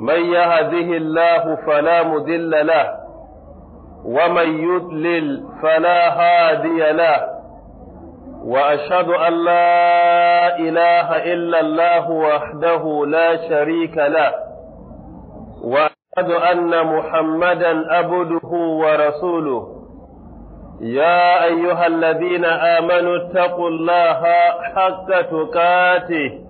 من يهده الله فلا مدل له ومن يدلل فلا هادي له وأشهد أن لا إله إلا الله وحده لا شريك له وأشهد أن محمدا أبده ورسوله يا أيها الذين آمنوا اتقوا الله حق تقاته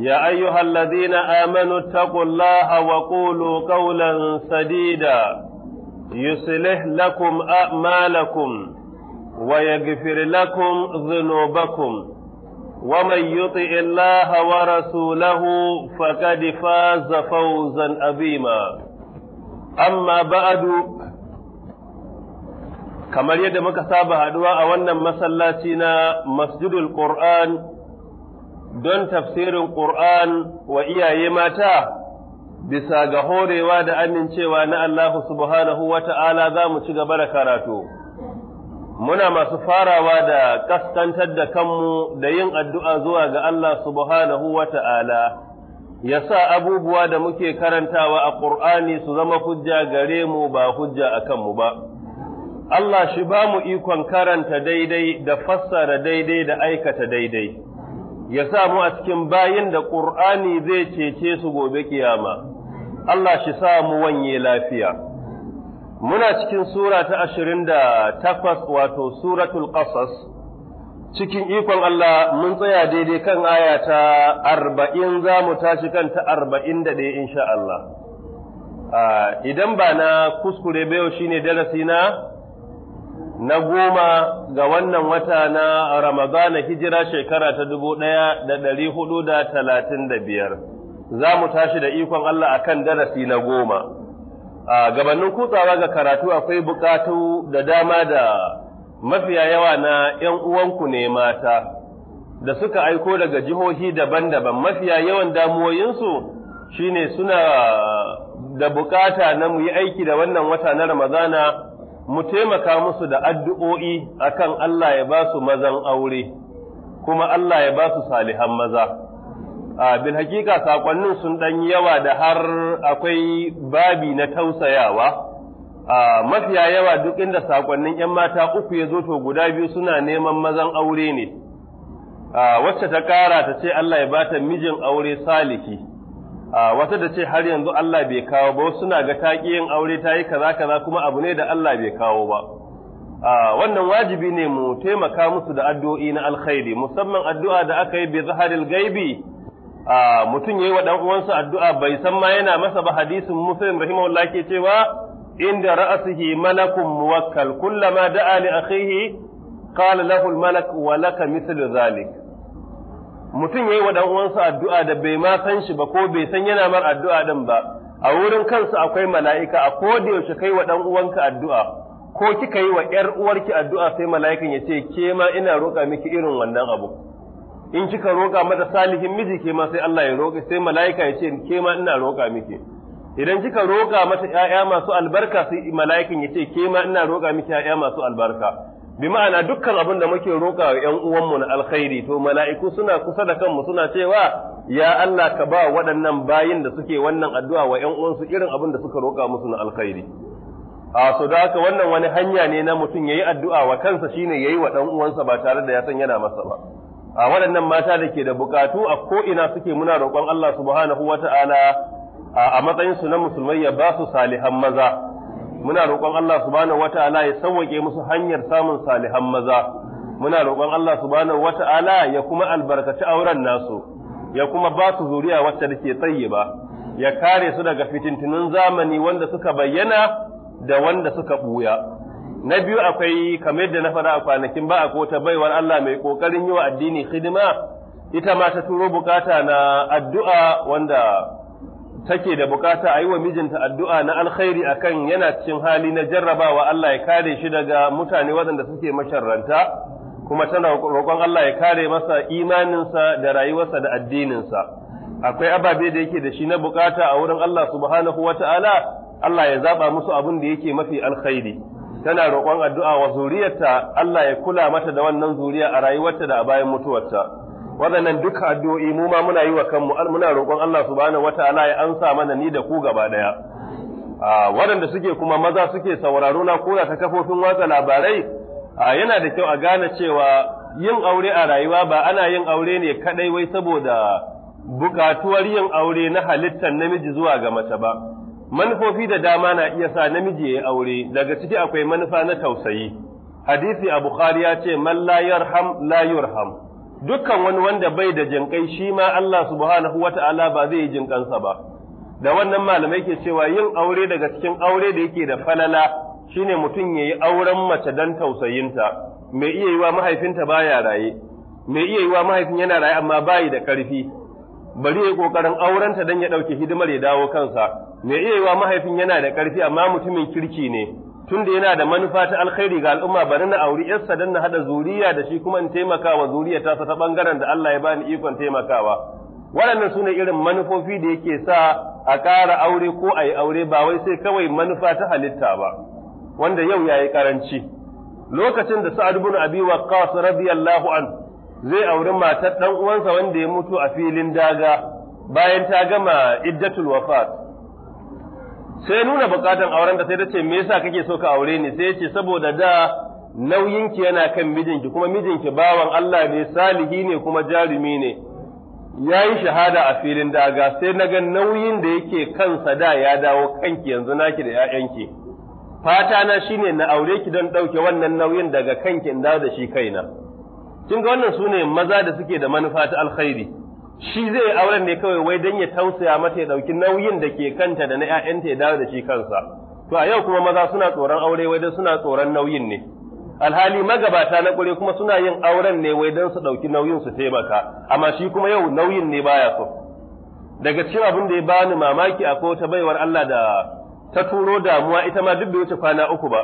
يا أيها الذين آمنوا اتقوا الله وقولوا قولا سديدا يصلح لكم أعمالكم ويغفر لكم ذنوبكم ومن يطع الله ورسوله فقد فاز فوزا عظيما أما بعد kamar yadda muka saba haduwa a wannan masallaci na masjidul Qur'an don tafsirin Qur'an wa iyaye mata bisa ga horewa da amincewa na Allah subhanahu wa ta'ala za mu ci gaba da karatu. Muna masu farawa da kaskantar da kanmu da yin addu'a zuwa ga Allah subhanahu wa ta'ala, ya sa abubuwa da muke karantawa a Ƙur'ani su zama hujja gare mu ba hujja a kanmu ba. Allah shi ba mu ikon karanta daidai da fassara daidai da aikata daidai. ya mu a cikin bayin da ƙur'ani zai cece su gobe kiyama Allah shi sa mu wanye lafiya muna cikin sura ta ashirin da takwas wato suratul ƙasas cikin ikon Allah mun tsaya daidai kan aya ta arba'in za mu tashi kan ta arba'in da ɗaya insha Allah ah, idan ba na kuskure bayo shine darasi na na goma ga wannan wata na Ramadana hijira shekara ta dubu ɗaya da ɗari hudu da talatin da biyar. Za mu tashi da ikon Allah a kan darasi na goma. A gabanin kutsawa ga karatu akwai bukatu da dama da mafiya yawa na ‘yan uwanku ne mata da suka aiko daga jihohi daban-daban mafiya yawan damuwoyinsu shine suna da bukata na mu yi aiki da wannan wata na Ramadana mu taimaka musu da addu'o'i akan Allah ya ba su mazan aure, kuma Allah ya ba su salihan maza. A bil hakika saƙonnin sun ɗan yawa da har akwai babi na tausayawa, a mafiya yawa duk inda saƙonnin ‘yan mata uku ya zo to guda biyu suna neman mazan aure ne, a wacce ta ƙara ta ce Allah ya ba ta mijin aure saliki. wata da ce har yanzu Allah bai kawo ba suna ga ta yin aure ta yi kaza kaza kuma abu ne da Allah bai kawo ba wannan wajibi ne mu taimaka musu da addu'o'i na alkhairi musamman addu'a da aka yi bi zaharil gaibi mutum yayi wa dan uwansa addu'a bai san ma yana masa ba hadisin muslim rahimahullah ke cewa inda ra'asihi malakun muwakkal kullama da'a li akhihi qala lahu al-malak wa laka mithlu zalik mutum ya yi wa dan addu'a da bai ma san shi ba ko bai san yana mar addu'a ɗin ba a wurin kansu akwai mala'ika a koda yaushe kai wa ɗan'uwanka addu'a ko kika yi wa ƴar uwarki addu'a sai mala'ikan ya ce ke ma ina roƙa miki irin wannan abu in kika roƙa mata salihin miji ke ma sai Allah ya roƙa sai mala'ika ya ce ke ma ina roƙa miki idan kika roƙa mata ‘ya'ya masu albarka sai mala'ikan ya ce, ke ma ina roƙa miki ‘ya'ya masu albarka, bi ma'ana dukkan abin da muke roƙa wa ‘yan uwanmu na alkhairi to mala'iku suna kusa da kanmu suna cewa ya Allah ka ba waɗannan bayin da suke wannan addu'a wa ƴan uwansu irin abin da suka roƙa musu na alkhairi. A so da haka wannan wani hanya ne na mutum yayi addu'a wa kansa shine yayi yi wa ɗan uwansa ba tare da ya san yana masa ba. A waɗannan mata da ke da bukatu a ko ina suke muna roƙon Allah subhanahu wa ta'ala a matsayinsu na musulmai ya ba su salihan maza. muna roƙon Allah subhanahu wata'ala ya sauwake musu hanyar samun salihan maza muna roƙon Allah subhanahu wata'ala ya kuma albarkaci auren nasu ya kuma ba su zuriya wacce take tayyiba ya kare su daga fitintunun zamani wanda suka bayyana da wanda suka buya na biyu akwai kamar yadda na faɗa a kwanakin ba a kota baiwar Allah mai ƙoƙarin yi wa addini hidima ita ma ta turo bukata na addu'a wanda take da bukata a yi wa mijinta addu'a na alkhairi a kan yana cikin hali na jarrabawa Allah ya kare shi daga mutane waɗanda suke masharranta kuma tana roƙon Allah ya kare masa imaninsa da rayuwarsa da addininsa akwai ababe da yake da shi na bukata a wurin Allah subhanahu Ta'ala, Allah ya zaɓa musu abin da yake mafi alkhairi tana roƙon addu'a wa zuriyarta Allah ya kula mata da wannan zuriya a rayuwarta da a bayan mutuwarta waɗannan duka addu'o'i mu ma muna yi wa kanmu muna roƙon Allah su subhanahu wataala ya ansa mana ni da ku gaba daya waɗanda suke kuma maza suke sauraro na kura ta kafofin watsa labarai yana da kyau a gane cewa yin aure a rayuwa ba ana yin aure ne kaɗai wai saboda bukatuwar yin aure na halittar namiji zuwa ga mace ba manufofi da dama na iya sa namiji ya aure daga ciki akwai manufa na tausayi hadisi a bukhari ya ce man la yarham la yurham dukkan wani wanda bai da jinkai shi ma Allah subhanahu wata'ala ba zai yi jinkansa ba da wannan malamai ke cewa yin aure daga cikin aure da yake da falala shine mutum ya yi auren mace don tausayinta mai iya yiwa mahaifinta ya raye mai iya yiwa mahaifin yana raye amma bayi da karfi bari ya kokarin aurenta don ya ɗauke hidimar ya dawo kansa mai iya yiwa mahaifin yana da karfi amma mutumin kirki ne tunda yana da manufa ta alkhairi ga al'umma bari na auri yarsa dan na hada zuriya da shi kuma in taimaka wa zuriya ta ta bangaren da Allah ya bani ikon taimakawa waɗannan sune irin manufofi da yake sa a ƙara aure ko a yi aure ba wai sai kawai manufa ta halitta ba wanda yau yayi karanci lokacin da Sa'ad ibn Abi Waqqas radiyallahu an zai auri matar dan uwansa wanda ya mutu a filin daga bayan ta gama iddatul wafat sai nuna bukatan auren da sai ta ce me yasa kake so ka aure ni sai ce saboda da nauyinki yana kan mijinki kuma mijinki bawan Allah ne salihi ne kuma jarumi ne ya yi shahada a filin daga sai na ga nauyin da yake kansa da ya dawo kanki yanzu naki da ‘ya'yanki fata na shine na aure ki don ɗauke wannan nauyin daga kanki in da shi kaina kin ga wannan su maza da suke da manufa ta alkhairi shi zai auren ne kawai wai dan ya tausaya mata ya dauki nauyin da ke kanta da na ƴaƴanta ya dawo da shi kansa to a yau kuma maza suna tsoron aure wai dan suna tsoron nauyin ne alhali magabata na ƙure kuma suna yin auren ne wai dan su ɗauki nauyin su taimaka amma shi kuma yau nauyin ne baya so daga cikin abin da ya bani mamaki a ta baiwar Allah da ta turo damuwa ita ma duk da wuce kwana uku ba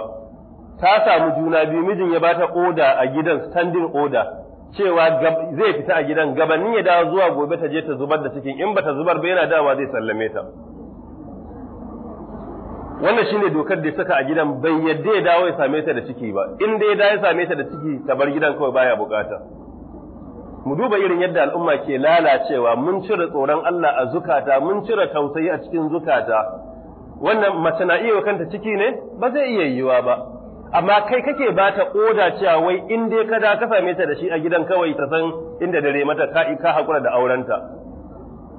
ta samu juna biyu mijin ya bata oda a gidan standing order cewa zai fita a gidan gabanin ya dawo zuwa gobe ta je ta zubar da cikin in bata zubar ba yana dawa zai sallame ta wannan shine dokar da saka a gidan bai yadda ya dawo ya same ta da ciki ba in dai ya ya same ta da ciki ta bar gidan kawai baya bukata mu duba irin yadda al'umma ke lalacewa mun cire tsoron Allah a zukata mun cire tausayi a cikin zukata wannan mace na iya kanta ciki ne ba zai iya yiwuwa ba amma kai kake ba ta oda cewa wai in dai ka da ka same ta da shi a gidan kawai ta san inda dare mata ka ka hakura da aurenta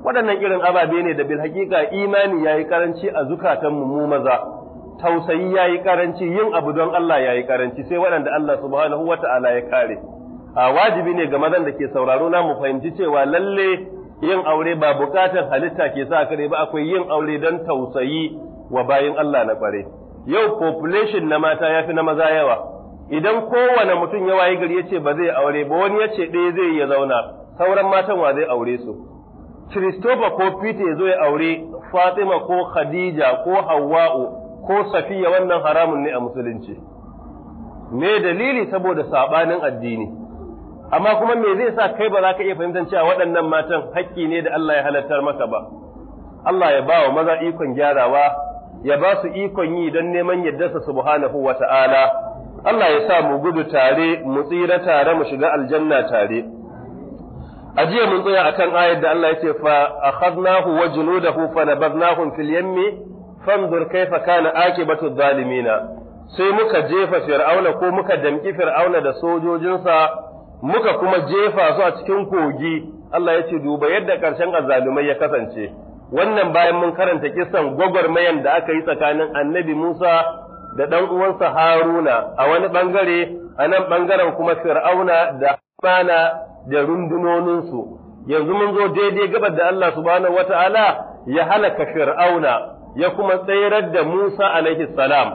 waɗannan irin ababe ne da bil hakika imani yayi karanci a zukatan mu maza tausayi yayi karanci yin abu don Allah yayi karanci sai waɗanda Allah subhanahu wata'ala ya kare a wajibi ne ga mazan da ke sauraro na mu fahimci cewa lalle yin aure ba bukatar halitta ke sa kare ba akwai yin aure don tausayi wa bayin Allah na kware. yau population na mata ya fi na maza yawa idan kowane mutum ya wayi gari ya ce ba zai aure ba wani ya ce ɗaya zai ya zauna sauran matan wa zai aure su Christopher ko Peter ya zo ya aure Fatima ko Khadija ko Hawwa'u ko Safiya wannan haramun ne a musulunci me dalili saboda sabanin addini amma kuma me zai sa kai ba za ka iya fahimtar cewa waɗannan matan haƙƙi ne da Allah ya halartar maka ba Allah ya ba wa maza ikon gyarawa ya ba su ikon yi don neman yardarsa subhanahu wa ta'ala, Allah ya sa mu gudu tare, mu tsira tare, mu shiga aljanna tare. A jiya mun tsaya a kan ayar da Allah ya ce, fa a haznahu wa junudahu fa na barnahun fil yammi, fanzur kaifa kana ake batu zalimina. Sai muka jefa fir'auna ko muka damki fir'auna da sojojinsa, muka kuma jefa su a cikin kogi, Allah ya ce duba yadda ƙarshen azzalumai ya kasance. wannan bayan mun karanta kisan gwagwarmayan da aka yi tsakanin annabi Musa da ɗan uwansa Haruna a wani ɓangare, a nan ɓangaren kuma Fir'auna da Hamana da rundunoninsu. Yanzu mun zo daidai gabar da Allah subhanahu wa ta'ala ya halaka Fir'auna ya kuma tsayar da Musa alaihi salam.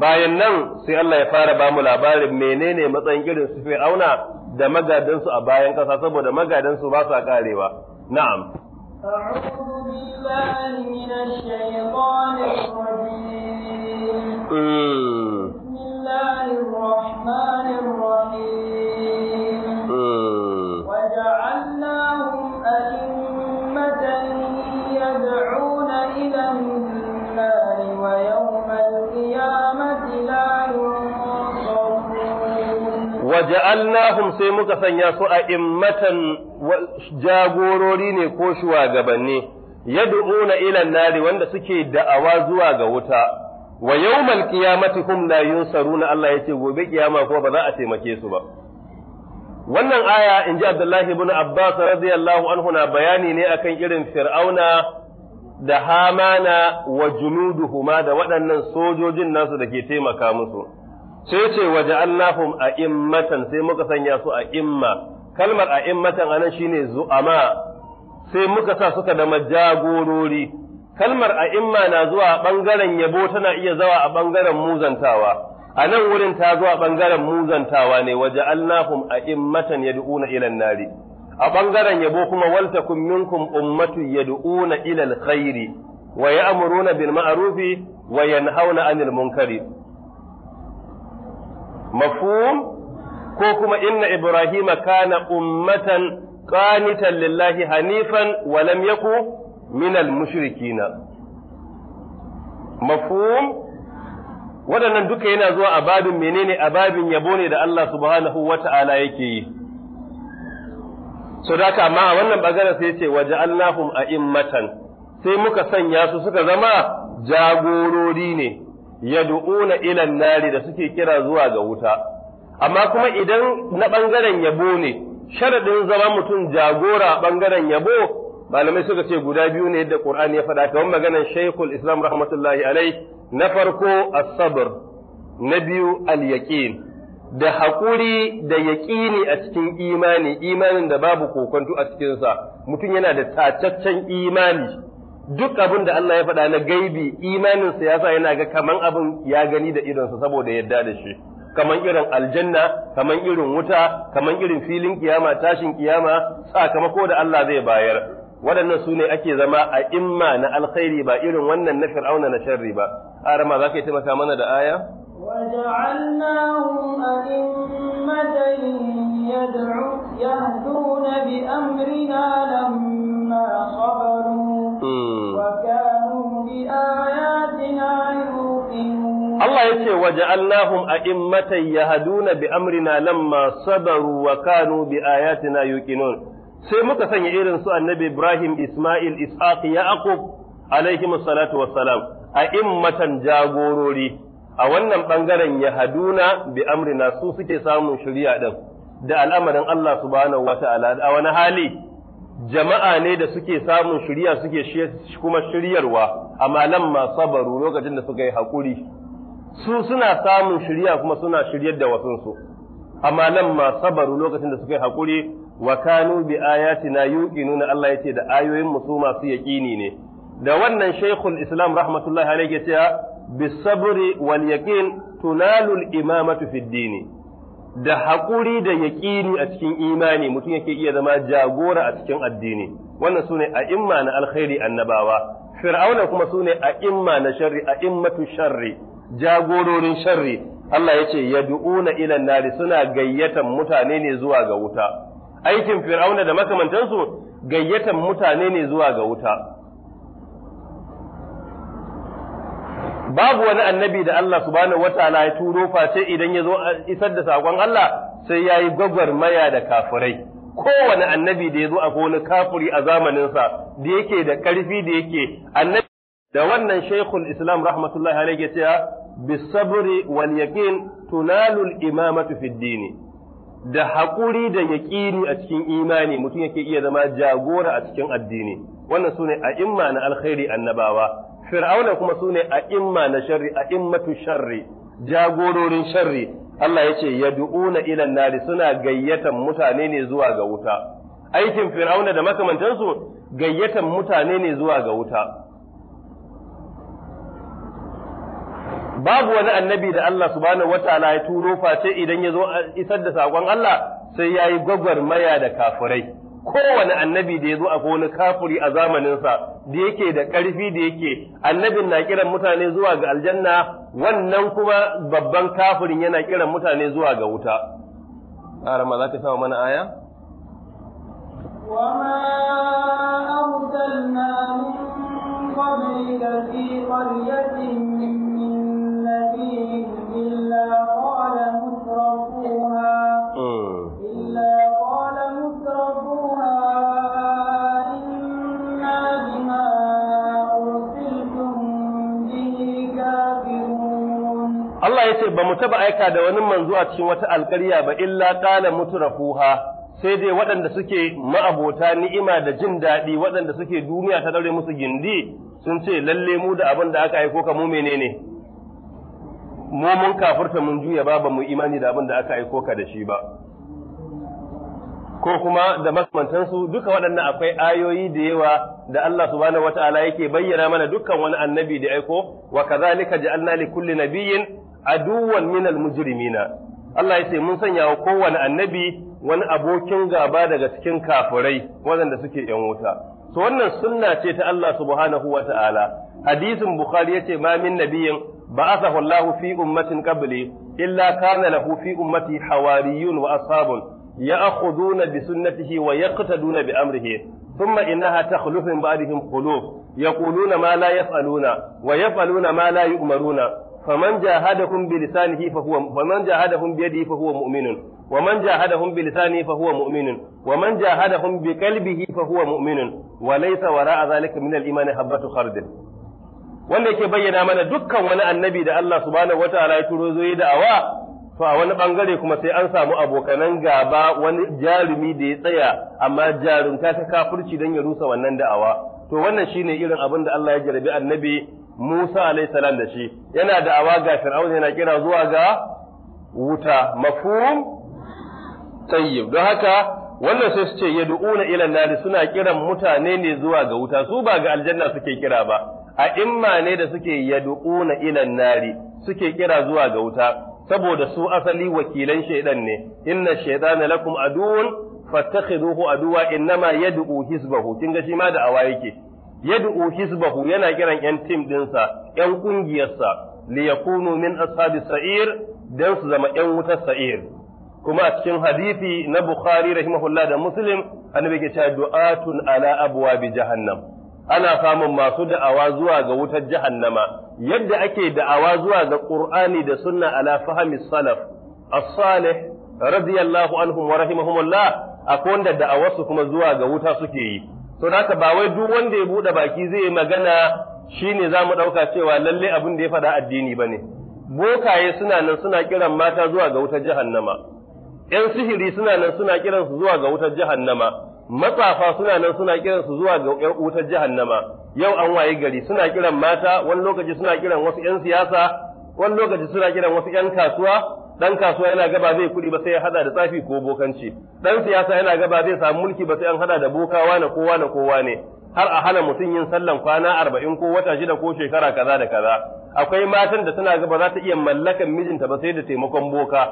Bayan nan sai Allah ya fara ba mu labarin menene matsayin irin su Fir'auna da magadansu a bayan ƙasa saboda magadansu ba sa ƙarewa. Na'am. أعوذ بالله من الشيطان الرجيم بسم الله وجعلناهم أئمة يدعون إلى النار ويوم waja'alnahum sai muka sanya su a immatan jagorori ne ko shugabanni yad'una ila nari wanda suke da'awa zuwa ga wuta wa yawmal qiyamati hum la yunsaruna Allah yace gobe kiyama ko ba za a taimake su ba wannan aya inji Abdullahi ibn Abbas radiyallahu anhu na bayani ne akan irin Fir'auna da Hamana wa junuduhuma da waɗannan sojojin nasu da ke taimaka musu sai ce waje allahum a immatan sai muka sanya su a imma kalmar a immatan anan shine zu'ama sai muka sa suka da majagorori kalmar a imma na zuwa a bangaren yabo tana iya zawa a bangaren muzantawa a nan wurin ta zuwa bangaren muzantawa ne waje allahum a immatan yad'una ila nari a bangaren yabo kuma waltakum minkum ummatu yad'una ila alkhairi wa ya'muruna bil ma'rufi wa yanhauna 'anil munkari mafhum ko kuma inna ibrahima kana ummatan qanitan lillahi hanifan wa lam yaku minal mushrikina mafhum waɗannan duka yana zuwa a babin menene a babin yabo ne da Allah subhanahu wata'ala yake yi so da a wannan bagara sai ce waje a a'immatan sai muka sanya su suka zama jagorori ne yad'una ila an-nari da suke kira zuwa ga wuta amma kuma idan na bangaren yabo ne sharadin zama mutum jagora bangaren yabo malamai suka ce guda biyu ne yadda Qur'ani ya faɗa kamar maganar Shaykhul Islam rahmatullahi alai na farko as-sabr na biyu al-yaqin da haƙuri da yaƙini a cikin imani imanin da babu kokonto a cikin sa mutum yana da tacaccen imani duk abin da Allah ya faɗa na gaibi imanin ya sa yana ga kaman abin ya gani da idonsa saboda yadda da shi kaman irin aljanna kaman irin wuta kaman irin filin kiyama tashin kiyama sakamako da Allah zai bayar waɗannan sune ake zama a imma na alkhairi ba irin wannan na fir'auna na sharri ba arama za ka yi taimaka mana da aya وجعلناهم أئمة يهدون بأمرنا لما صبروا وكانوا بآياتنا يوقنون الله يتي وجعلناهم أئمة يهدون بأمرنا لما صبروا وكانوا بآياتنا يوقنون sai muka sanya irin su annabi Ibrahim Ismail Ishaq Yaqub alaihi salatu wassalam a immatan jagorori a wannan bangaren yahaduna bi amrina su suke samun shari'a ɗan, da al'amarin Allah subhanahu wata'ala a wani hali jama'a ne da suke samun shari'a suke kuma shiryarwa amma lamma sabaru lokacin da suka yi haƙuri su suna samun shari'a kuma suna shiryar da wasunsu amma lamma sabaru lokacin da suka yi hakuri wa kanu bi ayatina yuqinuna Allah yace da ayoyin musu masu yaƙini ne da wannan shaykhul islam rahmatullahi alayhi ce bisabri واليقين تنال tunalul imamatu الدين da haƙuri da yaƙini a cikin imani mutum yake iya zama jagora a cikin addini wannan sune a imma na alkhairi annabawa fir'auna kuma sune a imma na sharri a immatu sharri jagororin sharri Allah ya ce yad'una ila nari suna gayyatan mutane ne zuwa ga wuta aikin fir'auna da makamantansu gayyatan mutane ne zuwa ga wuta babu wani annabi da Allah subhanahu wataala ya turo face idan ya zo isar da sakon Allah sai ya yi gwagwarmaya da kafirai kowane annabi da ya zo ko wani kafiri a zamaninsa da yake da ƙarfi da yake annabi da wannan shaikhul islam rahmatullahi alaihi ya ce bisabri wal yaqin tunalul imamatu fid da haƙuri da yaƙini a cikin imani mutum yake iya zama jagora a cikin addini wannan sune a'imma na alkhairi annabawa fir'auna kuma sune a imma na sharri a immatu sharri jagororin sharri Allah ya ce yad'una ila nari suna gayyatan mutane ne zuwa ga wuta aikin fir'auna da makamantansu gayyatan mutane ne zuwa ga wuta babu wani annabi da Allah subhanahu wataala ya turo face idan ya zo isar da sakon Allah sai yayi gwagwarmaya da kafirai kowane annabi da ya zo a wani kafuri a zamaninsa da yake da ƙarfi da yake annabin na kiran mutane zuwa ga aljanna wannan kuma babban kafurin yana kiran mutane zuwa ga wuta arama za ta sama mana aya وما أرسلنا من قبلك في قرية من نبي wata ba aika da wani manzo a cikin wata alƙarya ba illa qala mutrafuha sai dai waɗanda suke ma'abota ni'ima da jin daɗi waɗanda suke duniya ta daure musu gindi sun ce lalle mu da abin da aka aiko ka mu menene mu mun kafurta mun juya ba ba mu imani da abin da aka aiko ka da shi ba ko kuma da su duka waɗannan akwai ayoyi da yawa da Allah subhanahu wata'ala yake bayyana mana dukkan wani annabi da aiko wa kazalika ja'alna li kulli nabiyyin aduwan minal mujrimina Allah ya ce mun sanya wa kowane annabi wani abokin gaba daga cikin kafirai waɗanda suke ‘yan wuta. To wannan sunna ce ta Allah subhanahu wa ta'ala, hadisin Bukhari ya ce ma min nabiyin ba a Allahu fi ummatin qabli illa kana lahu fi ummati hawariyun wa ashabun ya'khuduna bi sunnatihi wa yaqtaduna bi amrihi thumma innaha takhlufu min ba'dihim qulub yaquluna ma la yaf'aluna wa yaf'aluna ma la yu'maruna faman jahadahum bi lisanihi fa huwa faman jahadahum bi yadihi fa huwa mu'minun wa man jahadahum bi lisanihi fa huwa mu'minun wa man jahadahum bi qalbihi huwa wa wanda yake bayyana mana dukkan wani annabi da Allah subhanahu wataala ya turo zoyi yi da'awa. to a wani bangare kuma sai an samu abokanan gaba wani jarumi da ya tsaya amma jarumta ta kafurci don ya rusa wannan da'awa to wannan shine irin abin da Allah ya jarabi annabi Musa alaihi salam da shi yana da awa ga Fir'aun yana kira zuwa ga wuta mafhum tayyib don haka wannan sai su ce yad'una ila nari suna kiran mutane ne zuwa ga wuta su ba ga aljanna suke kira ba a imma ne da suke yad'una ila nari suke kira zuwa ga wuta saboda su asali wakilan shaidan ne inna shaytana lakum aduun fattakhiduhu aduwa innama yad'u hisbahu kinga shi ma da awa yake yad'u hizbahu yana kiran yan tim dinsa yan kungiyarsa li yakunu min ashabi sa'ir dan su zama yan wutar sa'ir kuma a cikin hadisi na bukhari rahimahullah da muslim annabi ke cewa du'atun ala abwabi jahannam ana samun masu da'awa zuwa ga wutar jahannama yadda ake da'awa zuwa ga qur'ani da sunna ala fahmi salaf as-salih radiyallahu anhum wa rahimahumullah akwai wanda da'awarsu kuma zuwa ga wuta suke yi to naka ba wai duk wanda ya buɗe baki zai yi magana shine za mu ɗauka cewa lalle abin da ya faɗa addini ba ne bokaye suna nan suna kiran mata zuwa ga wutar jahannama Ƴan sihiri suna nan suna kiran su zuwa ga wutar jahannama matsafa suna nan suna kiran su zuwa ga wutar jahannama yau an waye gari suna kiran mata wani lokaci suna kiran wasu ƴan siyasa wani lokaci suna kiran wasu ƴan kasuwa dan kasuwa yana gaba zai kuɗi ba sai ya hada da tsafi ko bokanci dan siyasa yana gaba zai samu mulki ba sai an hada da bokawa na kowa na kowa ne har a hana mutum yin sallan kwana arba'in ko wata shida ko shekara kaza da kaza akwai matan da tana gaba za ta iya mallakan mijinta ba sai da taimakon boka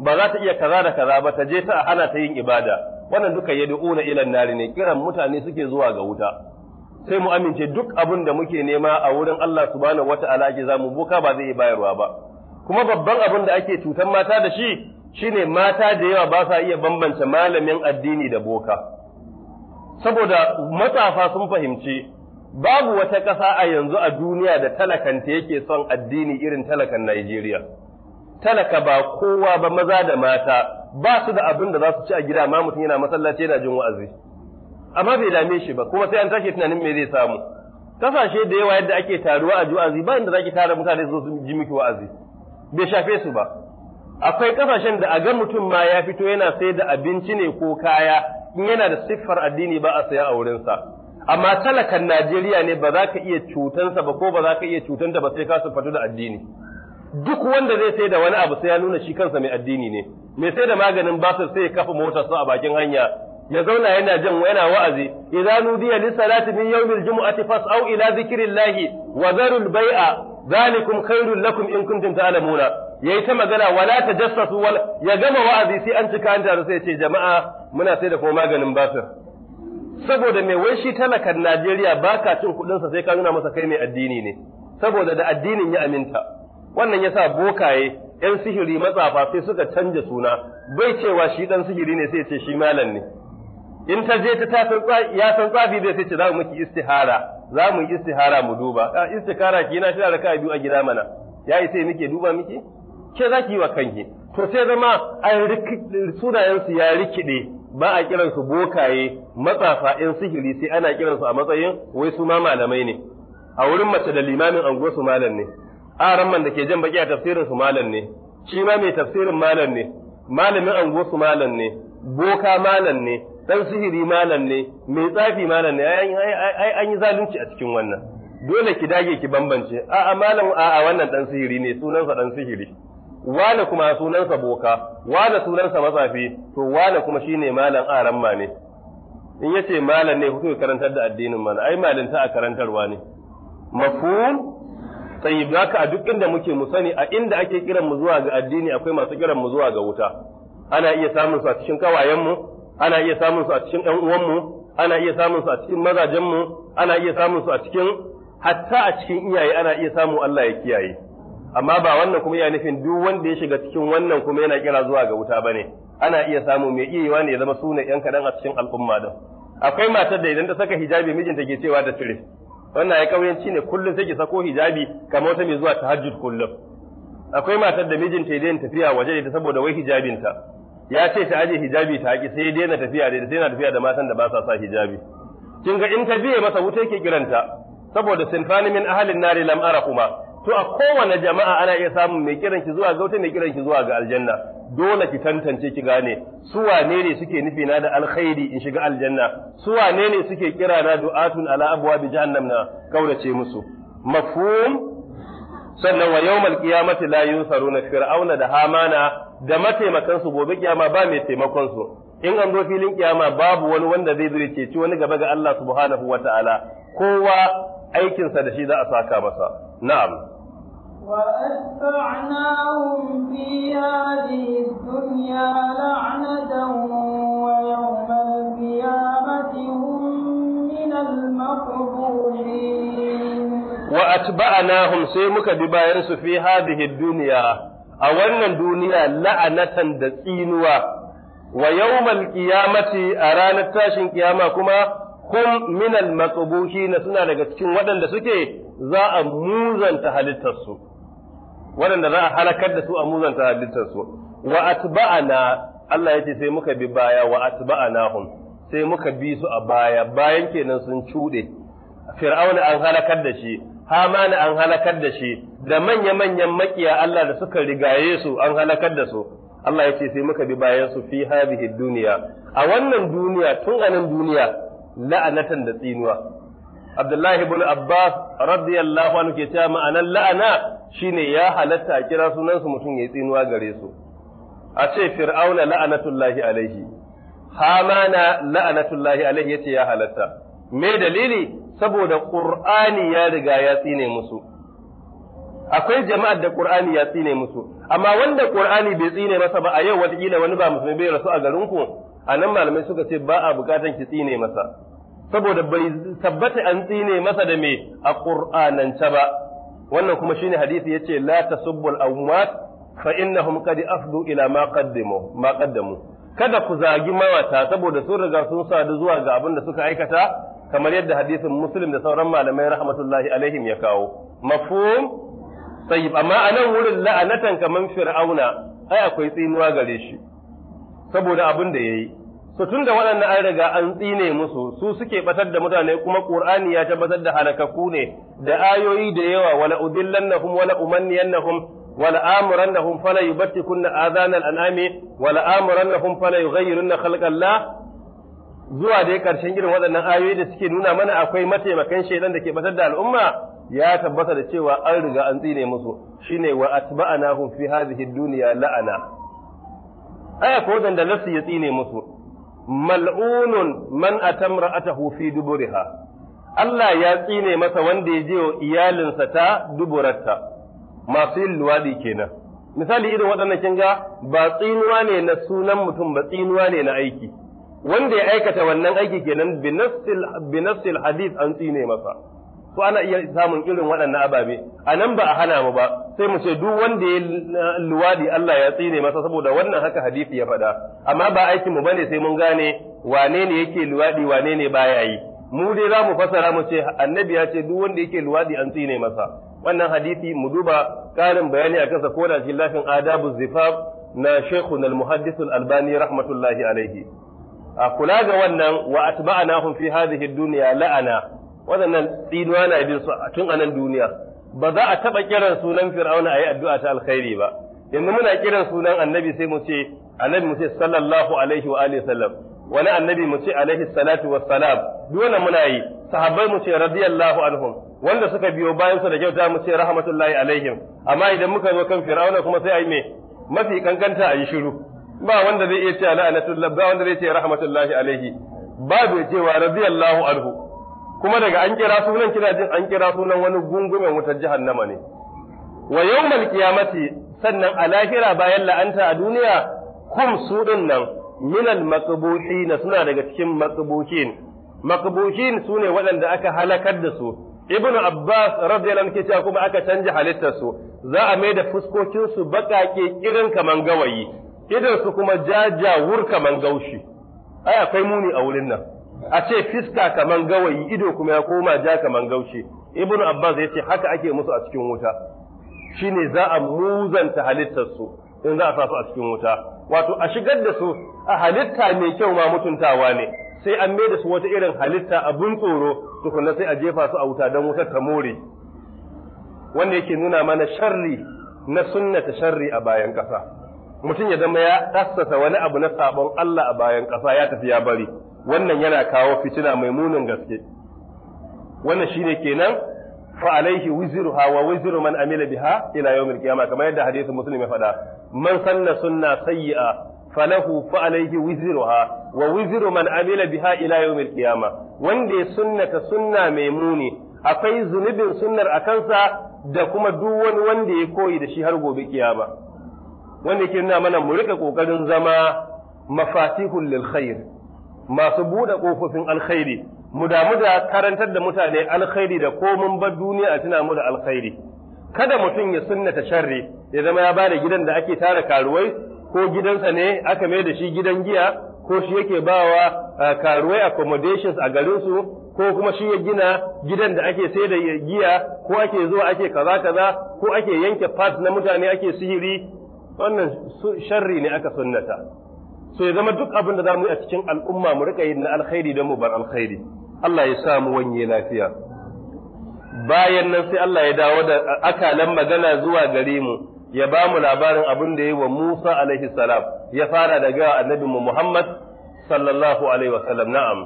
ba za ta iya kaza da kaza ba ta je ta a hana ta yin ibada wannan duka yad'una ila nari ne kiran mutane suke zuwa ga wuta sai mu amince duk abin da muke nema a wurin Allah subhanahu wata'ala ake zamu boka ba zai bayarwa ba kuma babban abin da ake cutan mata da shi shine mata da yawa ba sa iya bambance malamin addini da boka saboda matafa sun fahimci babu wata ƙasa a yanzu a duniya da talakanta yake son addini irin talakan Najeriya talaka ba kowa ba maza da mata ba su da abin da za su ci a gida ma mutum yana masallaci yana jin wa'azi amma bai dame shi ba kuma sai an tashi tunanin me zai samu kasashe da yawa yadda ake taruwa a wa'azi ba inda zaki tara mutane su ji miki wa'azi bai shafe su ba akwai kasashen da a ga mutum ma ya fito yana sai da abinci ne ko kaya in yana da siffar addini ba a saya a wurinsa amma talakan Najeriya ne ba za ka iya cutansa ba ko ba za ka iya cutanta ba sai ka fito da addini duk wanda zai sai da wani abu sai ya nuna shi kansa mai addini ne mai sai da maganin basir sai ya kafa sa a bakin hanya ya zauna yana jan yana wa'azi Idanu nudiya lis min yawmil jumu'ati fas'au ila zikirillahi wa zarul bai'a zalikum khairul lakum in kuntum ta'lamuna yayi ta magana wala tajassasu wala ya gama wa'azi sai an cika an sai ce jama'a muna sai da kuma maganin basir saboda mai wai shi talakan Najeriya baka cin kuɗin sa sai ka nuna masa kai mai addini ne saboda da addinin ya aminta wannan yasa bokaye yan sihiri matsafa sai suka canja suna bai cewa shi dan sihiri ne sai ce shi malam ne in ta je ta ya san tsafi zai sai ce za mu miki istihara za mu yi istihara mu duba a istihara ki na shirya raka'a biyu a gida mana ya isa muke duba miki ke za ki yi wa kanki to sai zama a sunayensu ya rikide ba a kiransu bokaye matsafa yan sihiri sai ana kiran su a matsayin wai su ma malamai ne a wurin mace da limamin ango su malam ne aran man da ke jan baki a tafsirin su malam ne shi ma mai tafsirin malam ne malamin ango su malam ne boka malam ne dan sihiri malam ne mai tsafi malam ne ai an yi zalunci a cikin wannan dole ki dage ki bambance a'a malam a'a wannan dan sihiri ne sunansa dan sihiri wala kuma sunansa boka wala sunansa matsafi to wala kuma shine malam aramma ne in yace malam ne hukumar karantar da addinin mana ai malinta a karantarwa ne mafhum tayyib haka a duk inda muke mu sani a inda ake kiran mu zuwa ga addini akwai masu kiran mu zuwa ga wuta ana iya samun su a cikin kawayen mu ana iya samun su a cikin ɗan uwanmu ana iya samun su a cikin mazajenmu ana iya samun su a cikin hatta a cikin iyaye ana iya samu Allah ya kiyaye amma ba wannan kuma yana nufin duk wanda ya shiga cikin wannan kuma yana kira zuwa ga wuta bane ana iya samu mai yiwa ne ya zama suna yan kadan a cikin al'umma din akwai matar da idan ta saka hijabi mijinta ke cewa da cire wannan ya kauyanci ne kullum sai ki sako hijabi kamar wata mai zuwa tahajjud kullum akwai matar da mijinta ya daina tafiya waje da saboda wai hijabinta ya ce ta aje hijabi ta haƙi sai daina tafiya da sai tafiya da matan da ba sa sa hijabi kin ga in ta biye masa wuta ke kiranta saboda sinfani min ahalin nari lam kuma to a kowane jama'a ana iya samun mai kiran ki zuwa gauta mai kiran ki zuwa ga aljanna dole ki tantance ki gane su wane ne suke nufi na da alkhairi in shiga aljanna su wane ne suke kira na du'atun ala bi jahannam na kaurace musu mafhum sannan wa yawmal qiyamati la na fir'auna da hamana da mataimakansu gobe kiyama ba mai taimakonsu, in an zo filin kiyama babu wani wanda zai zo ceci wani gaba ga Allah subhanahu wa ta'ala, kowa aikinsa da shi za a saka masa na'am وأتبعناهم في هذه الدنيا لعنة ويوم القيامة هم من المقبولين wa atba'nahum sai muka bi bayan su fi hadhihi dunya a wannan duniya la'anatan da tsinuwa wa yawmal qiyamati a ranar tashin kiyama kuma hum minal maqbuhin suna daga cikin waɗanda suke za a muzanta halittarsu waɗanda za a halakar da su a muzanta halittarsu wa atba'ana Allah yace sai muka bi baya wa atba'anahum sai muka bi su a baya bayan kenan sun cuɗe fir'auna an halakar da shi hamana an halakar da shi da manya-manyan makiya Allah da suka rigaye su an halakar da su Allah ya ce sai muka bi bayan su fi hadhihi duniya a wannan duniya tun anan nan duniya la'anatan da tsinuwa Abdullahi ibn Abbas radiyallahu anhu ke cewa ma'anar la'ana shine ya halatta a kira sunan su mutum yayi tsinuwa gare su a ce fir'auna la'anatullahi alaihi hamana la'anatullahi alaihi yace ya halatta me dalili saboda Qur'ani ya riga ya tsine musu akwai jama'ar da Qur'ani ya tsine musu amma wanda Qur'ani bai tsine masa ba a yau wata wataƙila wani ba musulmi bai rasu a garin ku anan malamai suka ce ba a bukatan ki tsine masa saboda bai tabbata an tsine masa da me a ƙur'anance ba wannan kuma shine hadisi yace la tasubbul awmat fa innahum qad afdu ila ma qaddamu ma qaddamu kada ku zagi mawata saboda sun riga sun sadu zuwa ga abin da suka aikata kamar yadda hadisin muslim da sauran malamai rahmatullahi alaihim ya kawo mafhum sai amma a nan wurin la'anatan kaman fir'auna ai akwai tsinuwa gare shi saboda abin da yayi so tunda waɗannan an riga an tsine musu su suke batar da mutane kuma qur'ani ya tabbatar da halakaku ne da ayoyi da yawa wala udillannahum wala umanniyannahum wala amurannahum fala yubtikunna adhanal anami wala amurannahum fala yughayyirunna khalqallah zuwa dai karshen irin waɗannan ayoyi da suke nuna mana akwai mataimakan shaidan da ke batar da al'umma ya tabbata da cewa an riga an tsine musu shine wa atba'anahum fi hadhihi dunya la'ana aya ko dan da ya tsine musu mal'unun man hufi fi duburiha Allah ya tsine masa wanda ya je iyalinsa ta duburarta masu yin luwaɗi kenan misali irin waɗannan kin ba tsinuwa ne na sunan mutum ba tsinuwa ne na aiki wanda ya aikata wannan aiki kenan bi nassil hadith an tsine masa su ana iya samun irin waɗannan ababe a nan ba a hana mu ba sai mu ce duk wanda ya luwadi Allah ya tsine masa saboda wannan haka hadisi ya faɗa amma ba aikin mu bane sai mun gane wane ne yake luwadi wane ne baya yi mu dai za mu fasara mu ce annabi ya ce duk wanda yake luwadi an tsine masa wannan hadisi mu duba ƙarin bayani a sa ko da shi lafin adabu zifaf na shekhu al al-albani rahmatullahi alaihi a kula ga wannan wa atba'nahum fi hadhihi dunya la'ana wadannan tsinuwa na bin su tun anan duniya ba za a taba kiran sunan fir'auna ayi addu'a ta alkhairi ba yanzu muna kiran sunan annabi sai mu ce annabi mu ce sallallahu alaihi wa alihi sallam wani annabi mu ce alaihi salatu wassalam dole muna yi sahabbai mu ce radiyallahu anhum wanda suka biyo bayan su da kyauta mu ce rahmatullahi alaihim amma idan muka zo kan fir'auna kuma sai ayi me mafi kankanta ayi shiru ba wanda zai iya cewa la'anatullah ba wanda zai ce rahmatullahi alaihi babu cewa radiyallahu anhu kuma daga an kira sunan kina jin an kira sunan wani gungumen wutar jahannama ne wa yawmal qiyamati sannan a lahira bayan la'anta a duniya kum su din nan minal maqbuhin suna daga cikin maqbuhin maqbuhin sune waɗanda aka halakar da su ibnu abbas radiyallahu anhu kuma aka canja halittar su za a mai da fuskokin su baƙaƙe irin kaman gawayi idan su kuma jajawur kaman gaushi ai akwai muni a wurin nan a ce fiska kaman gawayi ido kuma ya koma ja kaman gaushi ibn abbas ya ce haka ake musu a cikin wuta shine za a muzanta halittar su in za a sa a cikin wuta wato a shigar da su a halitta mai kyau ma mutuntawa ne sai an mai da su wata irin halitta abun tsoro tukuna sai a jefa su a wuta don wutar ta more wanda yake nuna mana sharri na sunnata sharri a bayan ƙasa. mutum ya zama ya tassasa wani abu na sabon Allah a bayan ƙasa ya tafi ya bari wannan yana kawo fitina mai munin gaske wannan shine kenan fa alaihi wizruha wa wizru man amila biha ila yawmil qiyama kamar yadda hadisi muslim ya faɗa man sanna sunna sayyi'a falahu fa alaihi wizruha wa wizru man amila biha ila yawmil qiyama wanda ya sunnata sunna mai muni akwai zunubin sunnar a kansa da kuma duk wani wanda ya koyi da shi har gobe kiyama wanda ke nuna mana mu rika kokarin zama mafatihul lil khair masu bude kofofin alkhairi mu damu da karantar da mutane alkhairi da komun bar duniya a tuna mu da alkhairi kada mutum ya sunnata sharri ya zama ya bada gidan da ake tara karuwai ko gidansa ne aka mai da shi gidan giya ko shi yake bawa eh, karuwai accommodations a garinsu ko kuma shi ya gina gidan da ake sai da giya ko ake zuwa ake kaza kaza ko ake yanke part na mutane ake sihiri wannan sharri ne aka sunnata so ya zama duk abin da za mu yi a cikin al'umma mu rika yin na alkhairi don mu bar alkhairi Allah ya samu wanye lafiya bayan nan sai Allah ya dawo da akalan magana zuwa gare mu ya ba mu labarin abin da yi wa Musa alaihi salam ya fara daga annabi mu Muhammad sallallahu alaihi wa sallam na'am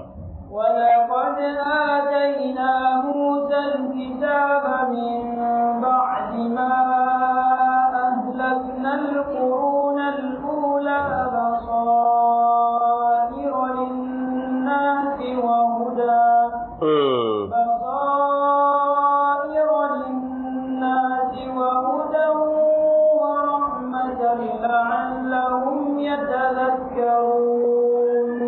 ولقد آتينا موسى الكتاب من بعد ما أهلكنا القرون الأولى بصائر للناس وهدى بصائر للناس وهدى ورحمة لعلهم يتذكرون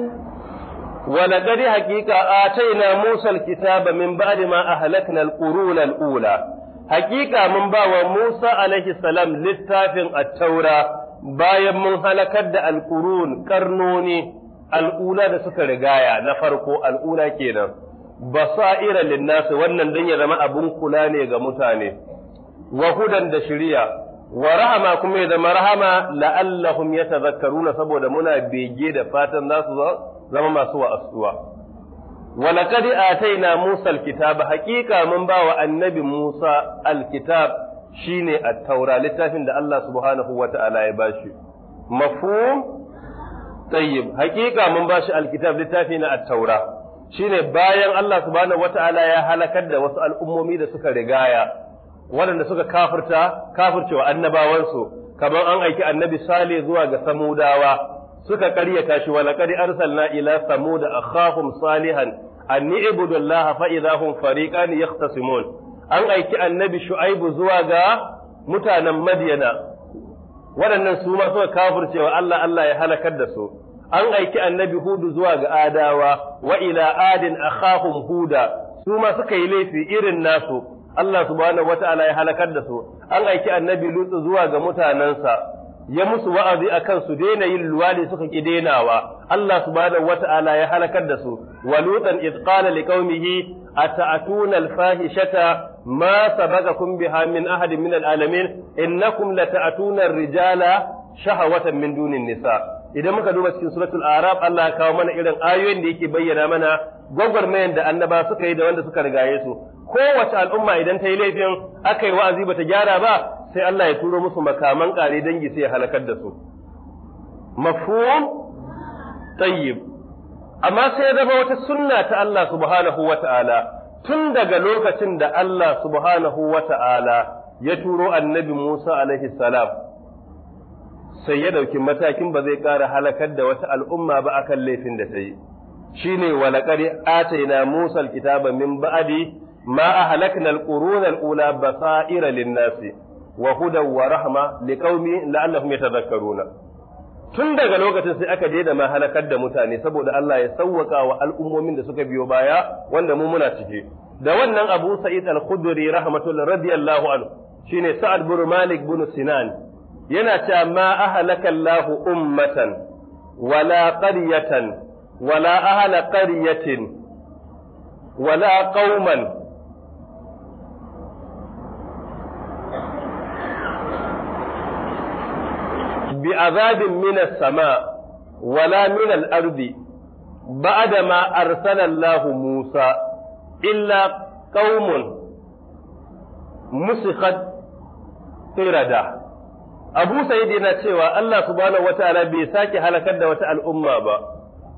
ولقد حقيقة آتينا موسى الكتاب من بعد ما أهلكنا القرون الأولى Hakika mun ba wa Musa alaihi salam littafin attaura bayan mun halakar da alƙurun karnoni al'ula da suka rigaya na farko al'ula kenan. Basa'ira linnasu wannan don ya zama abun kula ne ga mutane, wa hudan da shirya, wa rahama kuma ya zama rahama la'allahum ya saboda muna bege da fatan za su zama masu wa'asuwa. Wani kadi a ta ina Musa al-kitaba? mun ba wa Annabi Musa al-kitab shi ne a taura littafin da Allah Subhaana hu, wata ya bashi. Mafu tsaye ba. mun bashi al-kitab littafi na a taura. Shi bayan Allah Subhaana hu, wata ya halakar da wasu al'ummomi da suka rigaya, waɗanda suka kafurce wa Annabawansu, kaban an aiki Annabi Sale zuwa ga samudawa suka karyata shi wa laqad arsalna ila samud akhahum salihan an ibudu Allah fa idahum fariqan yaqtasimun an aiki annabi shu'aibu zuwa ga mutanen madyana waɗannan su ma suka kafircewa Allah Allah ya halakar da su an aiki annabi hudu zuwa ga adawa wa ila adin akhahum huda su ma suka yi laifi irin nasu Allah subhanahu wata'ala ya halakar da su an aiki annabi lutsu zuwa ga mutanensa ya musu wa'azi akan su daina yin luwali suka ki dainawa. Allah subhanahu wata'ala ya halakar da su wa lutan id qala liqaumihi ata'atuna al-fahishata ma sabaqakum biha min ahadin min al-alamin innakum lata'atuna ar-rijala shahawatan min dunin nisa idan muka duba cikin suratul arab Allah ya kawo mana irin ayoyin da yake bayyana mana gwagwarmayan da annaba suka yi da wanda suka rigaye su kowace al'umma idan ta yi laifin aka yi wa'azi bata gyara ba sai Allah ya turo musu makaman ƙare dangi sai ya halakar da su mafhum tayyib amma sai ya zama wata sunna ta Allah subhanahu Ta'ala tun daga lokacin da Allah subhanahu Ta'ala ya turo annabi Musa alaihi salam sai ya ɗauki matakin ba zai ƙara halakar da wata al'umma ba akan laifin da ta yi shine walaqad atayna Musa alkitaba min ba'adi, ma ahlakna alquruna ba basaira lin-nasi wa hudan wa rahma liqaumi la'allahum yatadhakkaruna tun daga lokacin sai aka je da ma halakar da mutane saboda Allah ya sauwaka wa al'ummomin da suka biyo baya wanda mu muna ciki. da wannan Abu Sa'id al-Khudri rahmatullahi radiyallahu anhu shine Sa'ad bin Malik bin Sinan yana cewa ma ahlaka Allah ummatan wala qaryatan wala ahla qaryatin wala qauman bi azabin minas sama wala minal ardi ba'da ma arsala Allah Musa illa qaumun musikhat tirada Abu Sa'id yana cewa Allah bani wata wata'ala bai sake halakar da wata al'umma ba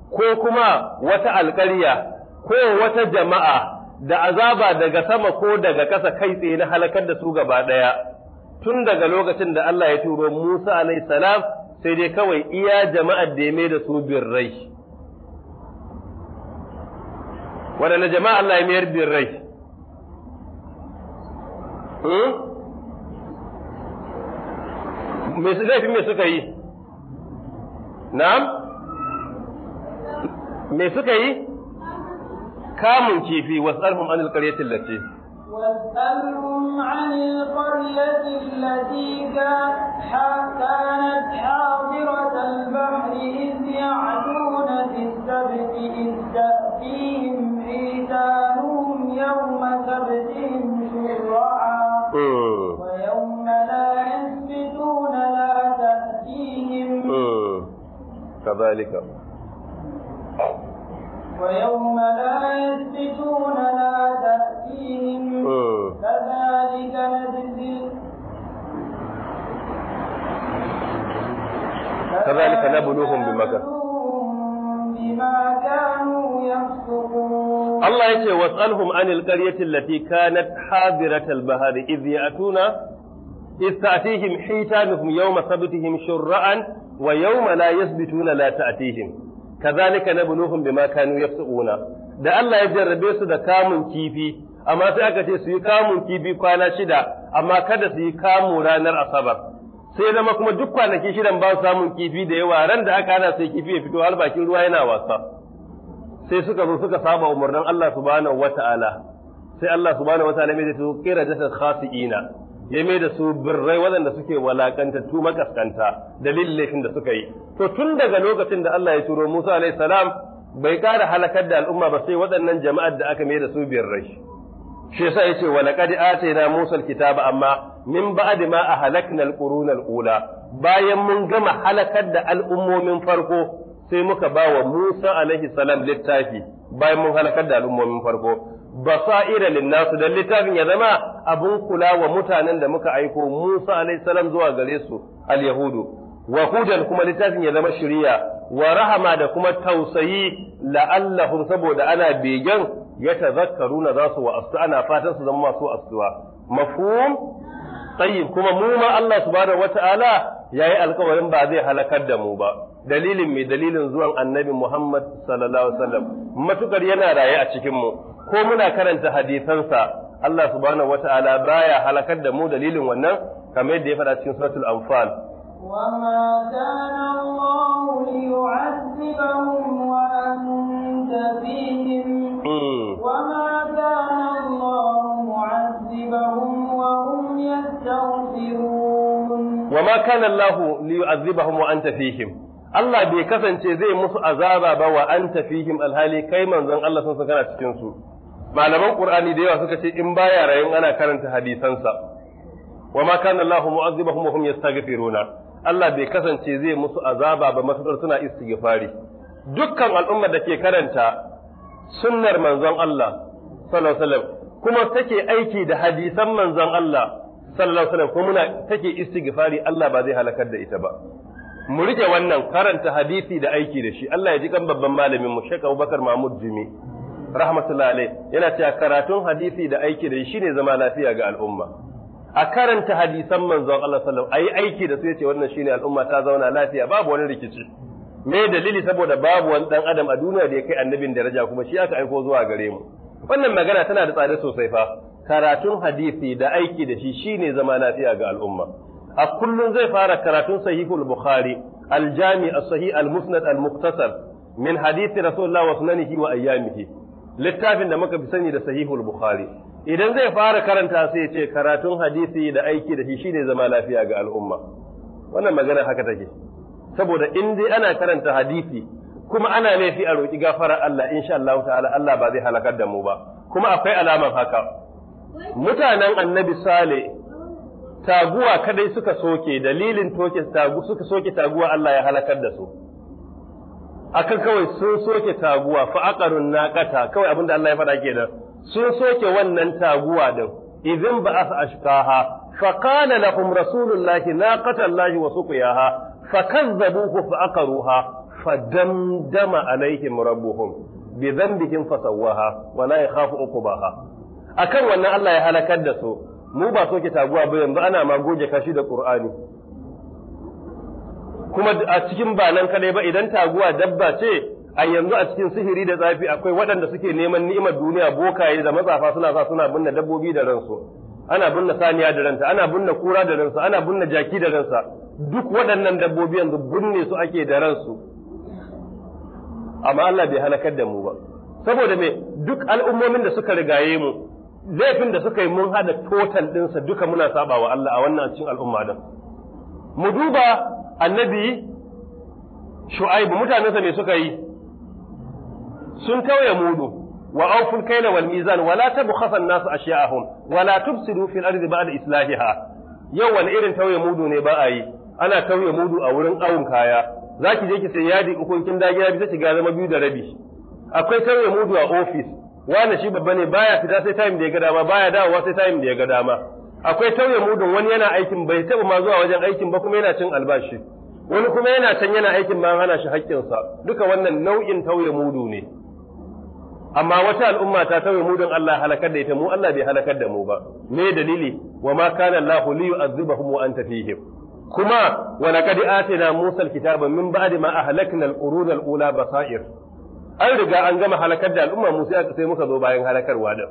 ko kuma wata alƙarya ko wata jama'a da azaba daga sama ko daga ƙasa kai tsaye na halakar da su gaba ɗaya tun daga lokacin da Allah ya turo Musa alaihi salam sai dai kawai iya jama'ar da ya da su birrai waɗanda jama'a Allah ya mayar birrai hmm? laifin me suka yi na'am me suka yi kamun kifi wasu alhum anil qaryatin lati واسألهم عن القرية التي كانت حاضرة البحر إذ يعدون في السبت إذ تأتيهم حيتانهم يوم سبتهم شرعا ويوم لا يسبتون لا تأتيهم كذلك ويوم لا يثبتون لا تأتيهم آه. كذلك نجزي كذلك نبلوهم بما كانوا بما كانوا يفسقون الله يتي واسألهم عن القرية التي كانت حاضرة البهار إذ يأتونا إذ تأتيهم حيتانهم يوم سبتهم شرعا ويوم لا يثبتون لا تأتيهم kazalika nabluhum bima kanu yafsuquna da Allah ya jarrabe su da kamun kifi amma sai aka ce su yi kamun kifi kwana shida amma kada su yi kamun ranar asabar sai zama kuma duk kwanaki shidan ba su samun kifi da yawa ran da aka hana sai kifi ya fito har bakin ruwa yana wasa sai suka zo suka saba umarnin Allah subhanahu wataala sai Allah subhanahu wataala ya da su kira jasad khasiina ya mai da su birrai waɗanda suke walakantattu makaskanta dalilin laifin da suka yi to tun daga lokacin da Allah ya turo Musa alaihi salam bai ƙara halakar da al'umma ba sai waɗannan jama'ar da aka mai da su birrai shi yasa yace wa laqad atayna Musa alkitaba amma min ba'di ma ahlakna alquruna alula bayan mun gama halakar da al'ummomin farko sai muka ba wa Musa alaihi salam littafi bayan mun halakar da al'ummomin farko basa'ira linnasu dan littafin ya zama abun kula wa mutanen da muka aiko Musa alaihi salam zuwa gare su al-yahudu wa hudan kuma littafin ya zama shiriya wa rahama da kuma tausayi la'allahum saboda ana begen ya tazakkaruna za su wa'astu ana fatan su zama masu astuwa mafhum tayyib kuma mu ma Allah subhanahu wata'ala yayi alƙawarin ba zai halakar da mu ba dalilin mai dalilin zuwan annabi Muhammad sallallahu alaihi wasallam matukar yana raye a cikin mu ko muna karanta hadisansa Allah subhanahu Ta'ala baya halakar da mu dalilin wannan kamar yadda ya faɗa cikin suratul anfal وما كان الله ليعذبهم وأنت فيهم hmm. وما كان الله معذبهم وهم يستغفرون وما كان الله ليعذبهم وأنت فيهم Allah bai kasance zai musu azaba ba wa an tafihim alhali kai manzon Allah sun kana cikin su malaman qur'ani da yawa suka ce in baya rayun ana karanta hadisansa wa ma kana Allahu mu'azzibahum wa hum yastaghfiruna Allah bai kasance zai musu azaba ba matukar suna istighfari dukkan al'ummar da ke karanta sunnar manzon Allah sallallahu alaihi kuma take aiki da hadisan manzon Allah sallallahu alaihi kuma muna take istighfari Allah ba zai halakar da ita ba mu rike wannan karanta hadisi da aiki da shi Allah ya ji kan babban malamin mu Sheikh Abubakar Mahmud Jimi rahmatullahi alaihi yana cewa karatun hadisi da aiki da shi ne zama lafiya ga al'umma a karanta hadisan manzon Allah sallallahu alaihi wasallam ayi aiki da su yace wannan shine al'umma ta zauna lafiya babu wani rikici me dalili saboda babu wani dan adam a duniya da ya kai annabin daraja kuma shi aka aiko zuwa gare mu wannan magana tana da tsada sosai fa karatun hadisi da aiki da shi shine zama lafiya ga al'umma a kullun zai fara karatun sahihul bukhari al-jami as-sahih al-musnad al-muqtasar min hadisi rasulullah wa sunanihi wa ayyamihi littafin da muka fi sani da sahihul bukhari idan zai fara karanta sai ya ce karatun hadisi da aiki da shi shine zama lafiya ga al'umma wannan magana haka take saboda in dai ana karanta hadisi kuma ana laifi a roƙi gafara Allah insha Allah ta'ala Allah ba zai halakar da mu ba kuma akwai alamar haka mutanen annabi sale taguwa kadai suka soke dalilin toke suka soke taguwa Allah ya halakar da su akan kawai sun soke taguwa fa aqarun naqata kawai abinda Allah ya faɗa da. sun soke wannan taguwa da idzin as ashqaha fa qala lahum rasulullahi naqata allahi wa suqiyaha fa kazzabuhu fa aqaruha fa damdama alaihim rabbuhum bi dhanbihim fasawaha wa la yakhafu uqubaha akan wannan Allah ya halakar da su mu ba soke taguwa ba yanzu ana ma goge kashi da qur'ani kuma a cikin ba nan kadai ba idan taguwa dabba ce a yanzu a cikin sihiri da zafi akwai waɗanda suke neman ni'imar duniya bokaye da matsafa suna sa suna binne dabbobi da ransu ana binne saniya da ranta ana binne kura da ransa ana binne jaki da ransa duk waɗannan dabbobi yanzu binne su ake da ransu amma Allah bai halakar da mu ba saboda me duk al'ummomin da suka rigaye mu laifin da suka yi mun hada total ɗinsa duka muna saba wa Allah a wannan cikin al'umma don? mu duba annabi shu'aibu mutanensa ne suka yi sun tauye mudu wa auful kaila wal mizan wala la tabkhasa an-nas ashya'ahum wala tubsidu fil ardi ba'da islahiha yau wani irin tauye mudu ne ba a yi ana tauye mudu a wurin awun kaya zaki je ki sai yadi uku kin dage ya bisa shiga zama biyu da rabi akwai tauye mudu a office wani shi babba ne baya fita sai time da ya ga dama baya dawowa sai time da ya ga dama akwai tauye mudun wani yana aikin bai taba ma zuwa wajen aikin ba kuma yana cin albashi wani kuma yana can yana aikin ma hana shi haƙƙinsa duka wannan nau'in tauye mudu ne amma wata al'umma ta tauye mudun Allah halakar da ita mu Allah bai halakar da mu ba me dalili wa ma kana Allahu li yu'adhibahum wa anta fihim kuma wa laqad atina Musa al-kitaba min ba'di ma ahlakna al-qurun al-ula basair an riga an gama halakar da al'umma mu sai muka zo bayan halakarwa din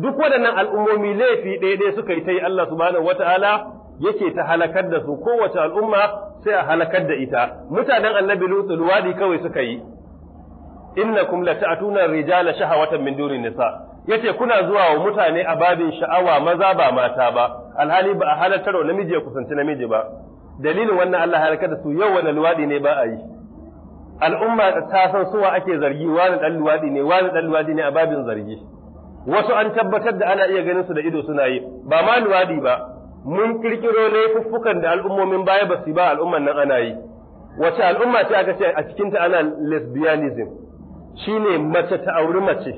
duk waɗannan al'ummomi laifi ɗaya suka yi ta yi Allah subhanahu wata'ala yake ta halakar da su kowace al'umma sai a halakar da ita mutanen annabi lutsu luwadi kawai suka yi a lata'tuna rijala shahawatan min dunin nisa yace kuna zuwa wa mutane a babin sha'awa maza ba mata ba alhali ba a halartar namiji ya kusanci namiji ba dalilin wannan Allah halakar da su yau wani luwadi ne ba a yi al'umma ta san suwa ake zargi wani dan luwadi ne wani dan luwadi ne a babin zargi wasu an tabbatar da ana iya ganin su da ido suna yi ba ma luwadi ba mun kirkiro laifuffukan da al'ummomin baya ba su ba al'umman nan ana yi wace al'umma ce aka ce a cikin ta ana lesbianism shine mace ta auri mace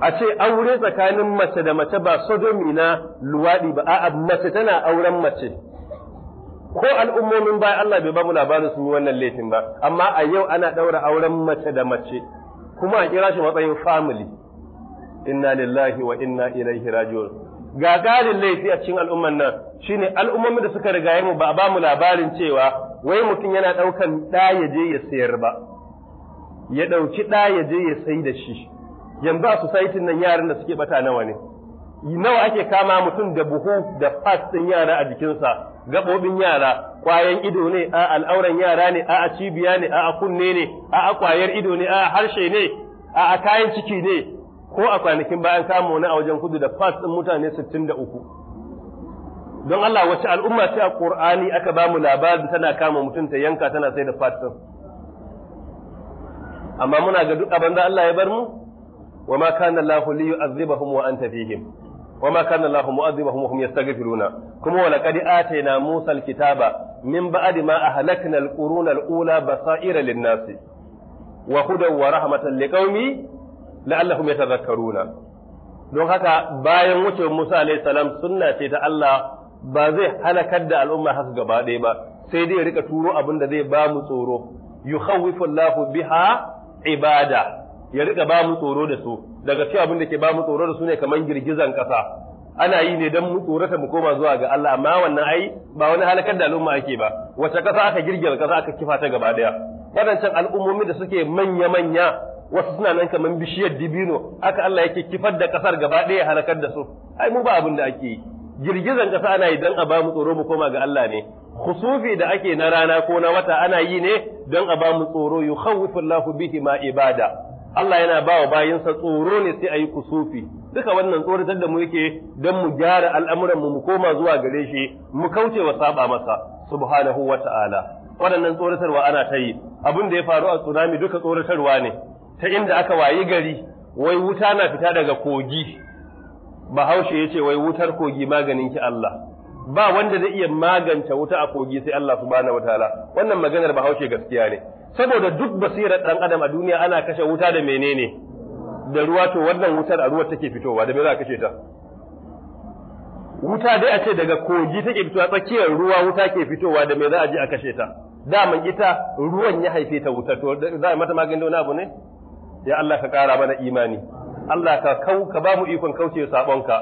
a ce aure tsakanin mace da mace ba sodomi na luwadi ba a'a mace tana auren mace ko al'ummomin baya Allah bai ba mu labarin sun yi wannan laifin ba amma a yau ana ɗaura auren mace da mace kuma a kira shi matsayin family inna lillahi wa inna ilaihi raji'un ga galin laifi a cikin al'umman nan shine al'ummomin da suka rigaye mu ba ba mu labarin cewa wai mutum yana daukan da ya je ya sayar ba ya dauki da ya je ya sai da shi yanzu a society nan yaran da suke bata nawa ne nawa ake kama mutum da buhu da fat din yara a jikinsa gaɓoɓin yara kwayan ido ne a al'auran yara ne a cibiya ne a kunne ne a kwayar ido ne a harshe ne a kayan ciki ne ko a kwanakin bayan samu wani a wajen kudu da fas ɗin mutane 63 don Allah wace al'umma ce a Qur'ani aka ba mu labarin tana kama mutum ta yanka tana sai da fas ɗin amma muna ga duk abin da Allah ya bar mu wa ma kana Allahu li yu'azzibahum wa anta fihim wa ma kana Allahu mu'adhibahum wa hum yastaghfiruna kuma wa laqad atayna Musa al-kitaba min ba'di ma ahlakna al-quruna al-ula basaira lin-nasi wa hudan wa rahmatan liqaumi la'allahum yatadhakkaruna don haka bayan wucewar Musa alayhi salam sunna ce ta Allah ba zai halakar da al'umma haka gabaɗaya ba sai dai ya rika turo abin da zai ba mu tsoro yukhawwifu Allahu biha ibada ya riƙa ba mu tsoro da su daga cewa abin da ke ba mu tsoro da su ne kamar girgizan ƙasa ana yi ne don mu tsorata mu koma zuwa ga Allah amma wannan ai ba wani halakar da al'umma ake ba wace ƙasa aka girgiza ƙasa aka kifa ta gaba daya wadancan al'ummomi da suke manya manya wasu suna nan kamar bishiyar dibino aka Allah yake kifar da ƙasar gaba daya halakar da su ai mu ba abin da ake yi girgizan ƙasa ana yi don a ba mu tsoro mu koma ga Allah ne khusufi da ake na rana ko na wata ana yi ne don a ba mu tsoro yukhawwifu Allahu bihi ma ibada Allah yana ba wa bayansa tsoro ne sai ayi kusufi duka wannan tsoratar da mu yake don mu gyara al'amuran mu mu koma zuwa gare shi mu kauce wa saba masa subhanahu wa ta'ala waɗannan tsoratarwa ana ta yi abin da ya faru a tsunami duka tsoratarwa ne ta inda aka wayi gari wai wuta na fita daga kogi bahaushe ya ce wai wutar kogi maganin ki Allah ba wanda zai iya magance wuta a kogi sai Allah subhanahu wa ta'ala wannan maganar bahaushe gaskiya ne saboda duk basirar ɗan adam a duniya ana kashe wuta da menene da ruwa to wannan wutar a ruwa take fitowa da me za a kashe ta wuta dai a ce daga kogi take fitowa tsakiyar ruwa wuta ke fitowa da me za a je a kashe ta daman ita ruwan ya haife ta wuta to za a mata magani da wani abu ne ya Allah ka kara mana imani Allah ka kau ka ba mu ikon kauce sabonka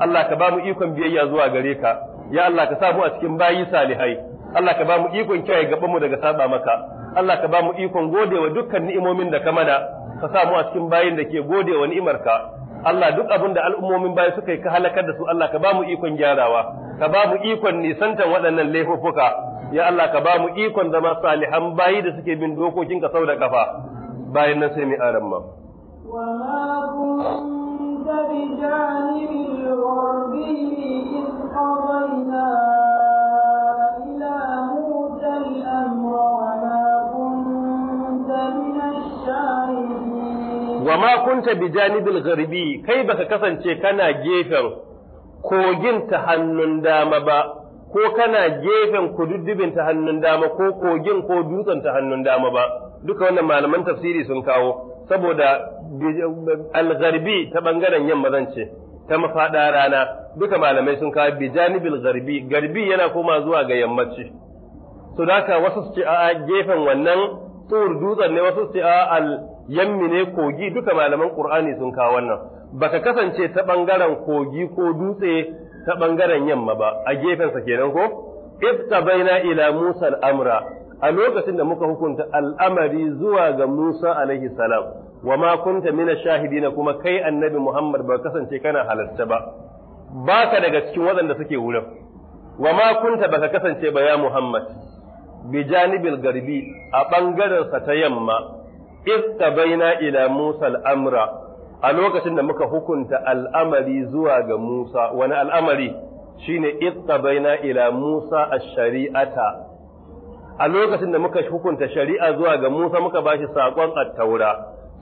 Allah ka ba mu ikon biyayya zuwa gare ka ya Allah ka sa mu a cikin bayi salihai Allah ka ba mu ikon kiyaye gaban mu daga saba maka Allah ka ba mu ikon gode wa dukkan ni'imomin da ka mana ka sa mu a cikin bayin da ke gode wa ni'imarka Allah duk abin da al'ummomin baya suka yi ka halakar da su Allah ka ba mu ikon gyarawa ka ba mu ikon nisantan waɗannan laifuffuka ya Allah ka ba mu ikon zama salihan bayi da suke bin dokokin ka sau da kafa bayan nan sai mu aran ma بجانب الغربي إذ قضينا إلى موسى الأمر وما wa ma kunta bi janibil gharbi kai baka kasance kana gefen kogin ta hannun dama ba ko kana gefen kududdubin ta hannun dama ko kogin ko dutsen ta hannun dama ba duka wannan malaman tafsiri sun kawo saboda al-gharbi ta bangaren yamma zan ce ta mafada rana duka malamai sun kawo bi janibil gharbi garbi yana koma zuwa ga yammaci so haka wasu su ce a gefen wannan tur dutsen ne wasu su al yammi ne kogi duka malaman qur'ani sun kawo wannan baka kasance ta bangaren kogi ko dutse ta bangaren yamma ba a gefen sa kenan ko iftabaina ila musa al-amra a lokacin da muka hukunta al'amari zuwa ga Musa alaihi salam, wa ma kunta shahidina kuma kai annabi Muhammad ba kasance kana halarta ba, baka daga cikin waɗanda suke wurin, wa ma kunta ba kasance ba ya Muhammad, bi janibil garbi a ɓangarensa ta yamma ifta baina ila Musa al'amra a lokacin da muka hukunta al'amari zuwa ga Musa wani al'amari shine ifta baina ila Musa a shari'ata a lokacin da muka hukunta shari'a zuwa ga Musa muka bashi saƙon attaura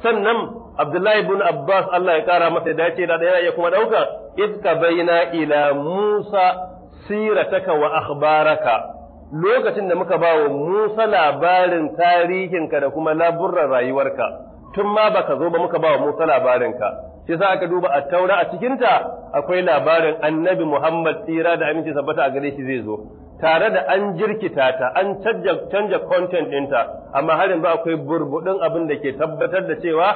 sannan Abdullahi ibn Abbas Allah ya kara masa dace da yana iya kuma dauka ifka baina ila Musa sirataka wa akhbaraka lokacin da muka ba wa Musa labarin tarihinka da kuma laburran rayuwarka tun ma ba ka zo ba muka ba wa Musa labarinka shi sa aka duba a taura a cikinta akwai labarin annabi Muhammad tsira da aminci sabbata a gare shi zai zo tare da an jirkita ta an canja content ɗinta amma har yanzu akwai burbuɗin abin da ke tabbatar da cewa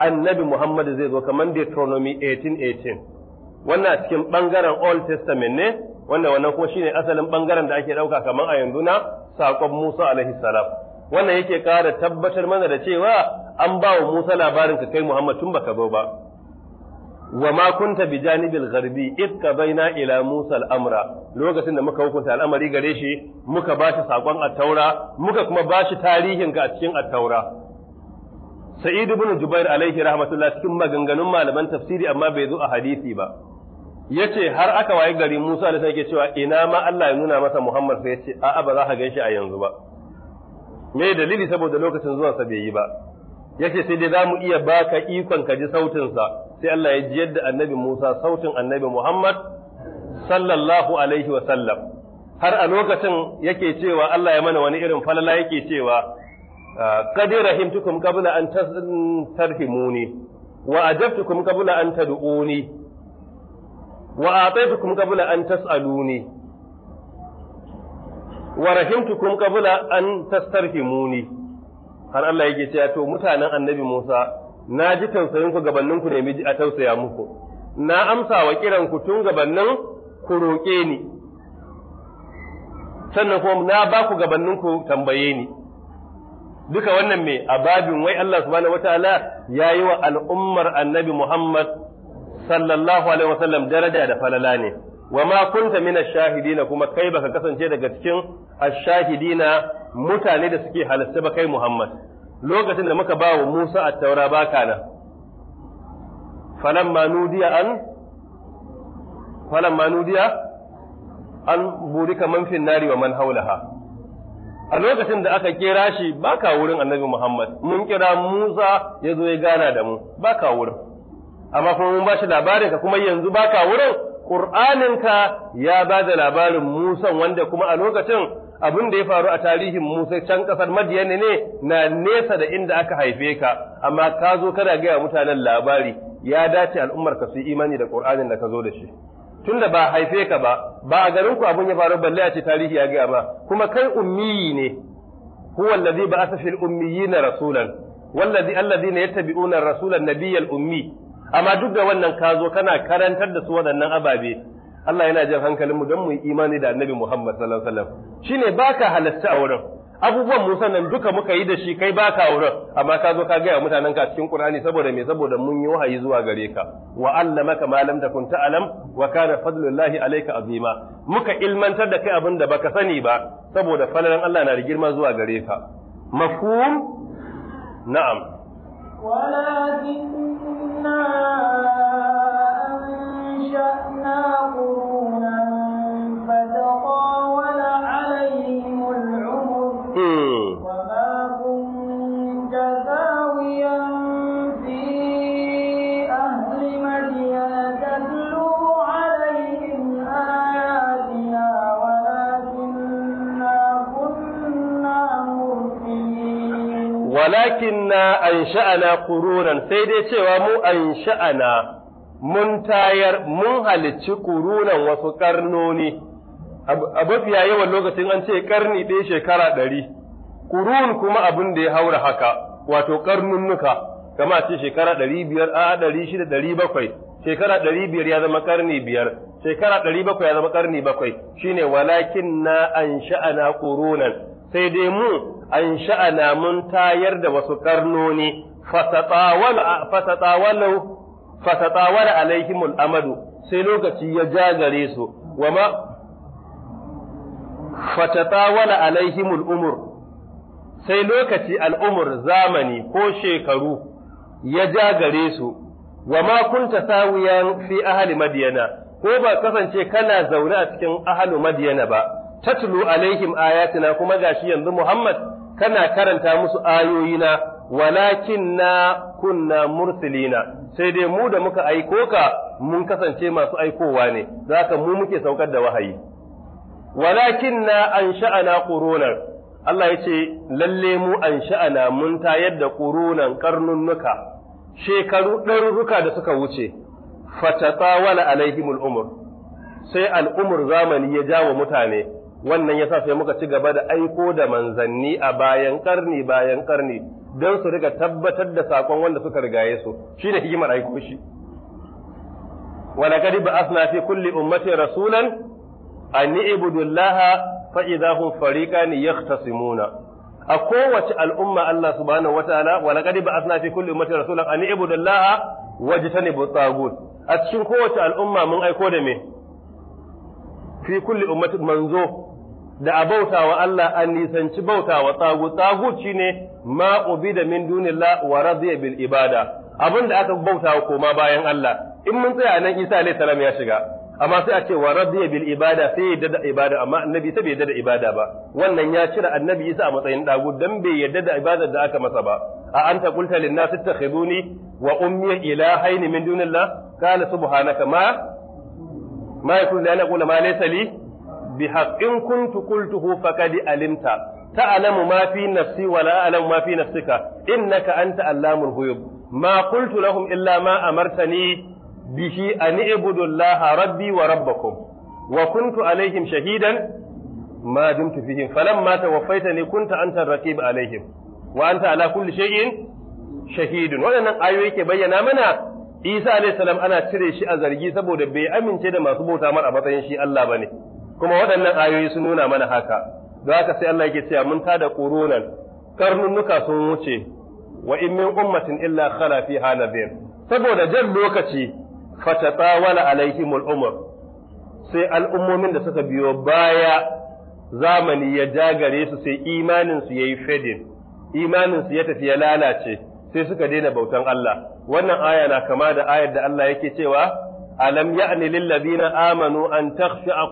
annabi Muhammad zai zo kamar Deuteronomy 18:18 wannan cikin ɓangaren Old Testament ne wanda wannan kuma shine asalin bangaren da ake dauka kamar a yanzu na sakon Musa alaihi salam wannan yake kara tabbatar mana da cewa an ba wa Musa labarin ka kai Muhammad tun baka zo ba wa ma kunta bi janibil gharbi id baina ila Musa al-amra lokacin da muka hukunta al'amari gare shi muka ba shi sakon at-taura muka kuma ba shi tarihin ka a cikin at-taura Sa'id ibn Jubair alaihi rahmatullah cikin maganganun malaman tafsiri amma bai zo a hadisi ba yace har aka waye gari Musa da sai cewa ina ma Allah ya nuna masa Muhammad sai yace a'a ba za ka ganshi a yanzu ba me dalili saboda lokacin zuwan sa bai yi ba yace sai dai zamu iya baka ikon ka ji sautin sa sai Allah ya ji yadda annabi Musa sautin annabi Muhammad sallallahu alaihi wa sallam har a lokacin yake cewa Allah ya mana wani irin falala yake cewa ah, qad rahimtukum qabla an tarhimuni wa ajabtukum qabla an tad'uni wa ataitukum qabla an tas'aluni wa rahimtukum qabla an tastarhimuni har Allah yake cewa to mutanen Annabi Musa na ji tausayin ku gabanin ku nemi a tausaya muku na amsa wa kiran ku tun gabanin ku roƙe ni sannan kuma na ba ku gabanin ku tambaye ni duka wannan me a babin wai Allah subhanahu wataala yayi wa al'ummar Annabi Muhammad sallallahu alaihi wasallam daraja da falala ne wa ma kunta min ash-shahidina kuma kai baka kasance daga cikin ash-shahidina mutane da suke halarci ba kai Muhammad lokacin da muka bawa Musa at-Taura baka na, falamma nudiya an falamma nudiya an burika man fin nari wa man haulaha a lokacin da aka kira shi baka wurin Annabi Muhammad mun kira Musa ya zo ya gana da mu baka wurin amma kuma mun bashi labarin ka kuma yanzu baka wurin Qur'aninka ya ba da labarin Musa wanda kuma a lokacin abin da ya faru a tarihin Musa can kasar Madiyana ne na nesa da inda aka haife ka amma ka zo kada gaya mutanen labari ya dace al'ummar ka su imani da Qur'anin da ka zo da shi tunda ba haife ka ba ba a garin ku abin ya faru balle a ce tarihi ya gaya ba kuma kai ummiyi ne huwa allazi ba'atha fil ummiyina rasulan wallazi allazina yattabi'una ar-rasula nabiyyal ummi amma duk da wannan ka zo kana karantar da su waɗannan ababe Allah yana jan hankalin mu don mu yi imani da Annabi Muhammad sallallahu alaihi wasallam shine baka halatta a wurin abubuwan Musa nan duka muka yi da shi kai baka wurin amma ka zo ka gaya mutanen ka cikin Qur'ani saboda me saboda mun yi wahayi zuwa gare ka wa allamaka ma lam takun ta'lam wa kana fadlullahi alayka azima muka ilmantar da kai abin da baka sani ba saboda falalan Allah na da girma zuwa gare ka mafhum na'am ولكننا أنشأنا قرونا فتطاول walakin na an sha'ana kurunan sai dai cewa mu an sha'ana mun tayar mun halicci kurunan wasu karnoni a mafiya yawan lokacin an ce karni ɗaya shekara ɗari kurun kuma abin da ya haura haka wato karnunnuka kama ce shekara ɗari biyar a ɗari shida ɗari bakwai shekara ɗari biyar ya zama karni biyar shekara ɗari bakwai ya zama karni bakwai shine walakin na an sha'ana kurunan sai dai mu an sha'ana mun tayar da wasu karnoni fasatawar alaihimul amadu sai lokaci ya jagare su wa ma fatatawala alaihimul umur sai lokaci al'umur zamani ko shekaru ya jagare su wa ma kunta sawiyan fi ahali madiyana ko ba kasance kana zaune a cikin ahalu madiyana ba tatlu alaihim ayatina kuma gashi yanzu Muhammad kana karanta musu ayoyina walakinna kunna mursilina sai dai mu da muka aiko ka mun kasance masu aikowa ne zaka mu muke saukar da wahayi walakinna ansha'ana qurunan Allah yace ce lalle mu ansha'ana mun tayar da qurunan karnunnuka shekaru ɗarurruka da suka wuce fatatawala alaihimul umur sai al'umur zamani ya jawo mutane wannan yasa sai muka ci gaba da aiko da manzanni a bayan karni bayan karni don su riga tabbatar da sakon wanda suka rigaye su shine hikimar aiko shi wa laqad ba'athna fi kulli ummati rasulan an i'budu llaha fa idza hum fariqan yahtasimuna a kowace al'umma Allah subhanahu wataala wa laqad ba'athna fi kulli ummati rasulan an i'budu llaha wajtanibu tagut a cikin kowace al'umma mun aiko da me fi kulli manzo da a bauta wa Allah an nisanci bauta wa tsagu tsagu ne ma da min dunillah wa radiya bil ibada abin da aka bauta wa koma bayan Allah in mun tsaya nan Isa alayhi salam ya shiga amma sai a ce wa radiya bil ibada sai yadda da ibada amma annabi sai bai yadda ibada ba wannan ya cire annabi Isa a matsayin dagu dan bai yadda da ibadar da aka masa ba a ta kulta lina nas ittakhiduni wa ummi haini min dunillah kala subhanaka ma ma yakunu li an aqula ma laysa bihaq in kuntu qultuhu faqad alimta ta'lamu ma fi nafsi wa a'lamu ma fi nafsika innaka anta allamul ghuyub ma qultu illa ma amartani bihi an ibudu rabbi wa wa kuntu alaihim shahidan ma dumtu fihim falamma tawaffaytani kunta anta ar-raqib alaihim wa anta ala kulli shay'in shahidun waɗannan ayoyi ke bayyana mana Isa alayhi salam ana cire shi a zargi saboda bai amince da masu bauta mara matsayin shi Allah bane kuma waɗannan ayoyi sun nuna mana haka don haka sai Allah yake cewa mun tada ƙoronan karnunnuka sun wuce wa in min ummatin illa khala fiha nadir saboda jan lokaci fatatawala alaihimul umur sai al'ummomin da suka biyo baya zamani ya jagare su sai imanin su yayi fedin, imanin su ya tafi ya lalace sai suka daina bautan Allah wannan aya na kama da ayar da Allah yake cewa alam ya'ni lil ladina amanu an takhsha a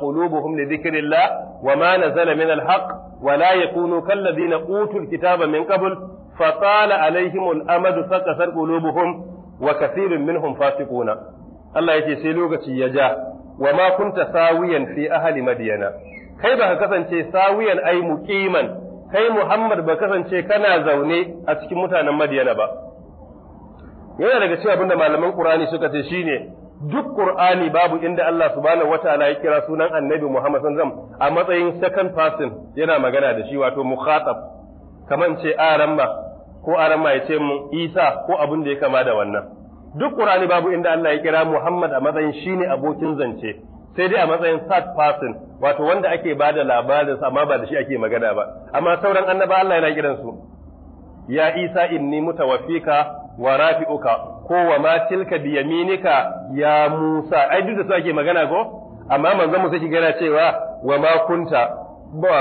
li dhikrillah wa ma nazala min al haqq wa la yakunu kal ladina utul kitaba min qabl fa tala alaihim al amad fakasar qulubuhum wa kathirun minhum fasiquna Allah yace sai lokaci ya ja wa ma kunta sawiyan fi ahli kai baka kasance sawiyan ai muqiman kai Muhammad ba kasance kana zaune a cikin mutanen Madiyana ba yana daga cikin abinda malaman Qur'ani suka ce shine duk Qur'ani babu inda Allah subhanahu wataala ya kira sunan Annabi Muhammad sallallahu a matsayin second person yana magana da shi wato mukhatab kaman ce aramma ko aramma ya ce mu Isa ko abin da ya kama da wannan duk Qur'ani babu inda Allah ya kira Muhammad a matsayin shine abokin zance sai dai a matsayin third person wato wanda ake bada da labarin amma ba da shi ake magana ba amma sauran annaba Allah yana kiransu ya Isa inni mutawaffika wa rafi'uka ko wa ma tilka bi yaminika ya Musa ai duk da su ake magana ko amma manzon Musa ki gana cewa wa ma kunta ba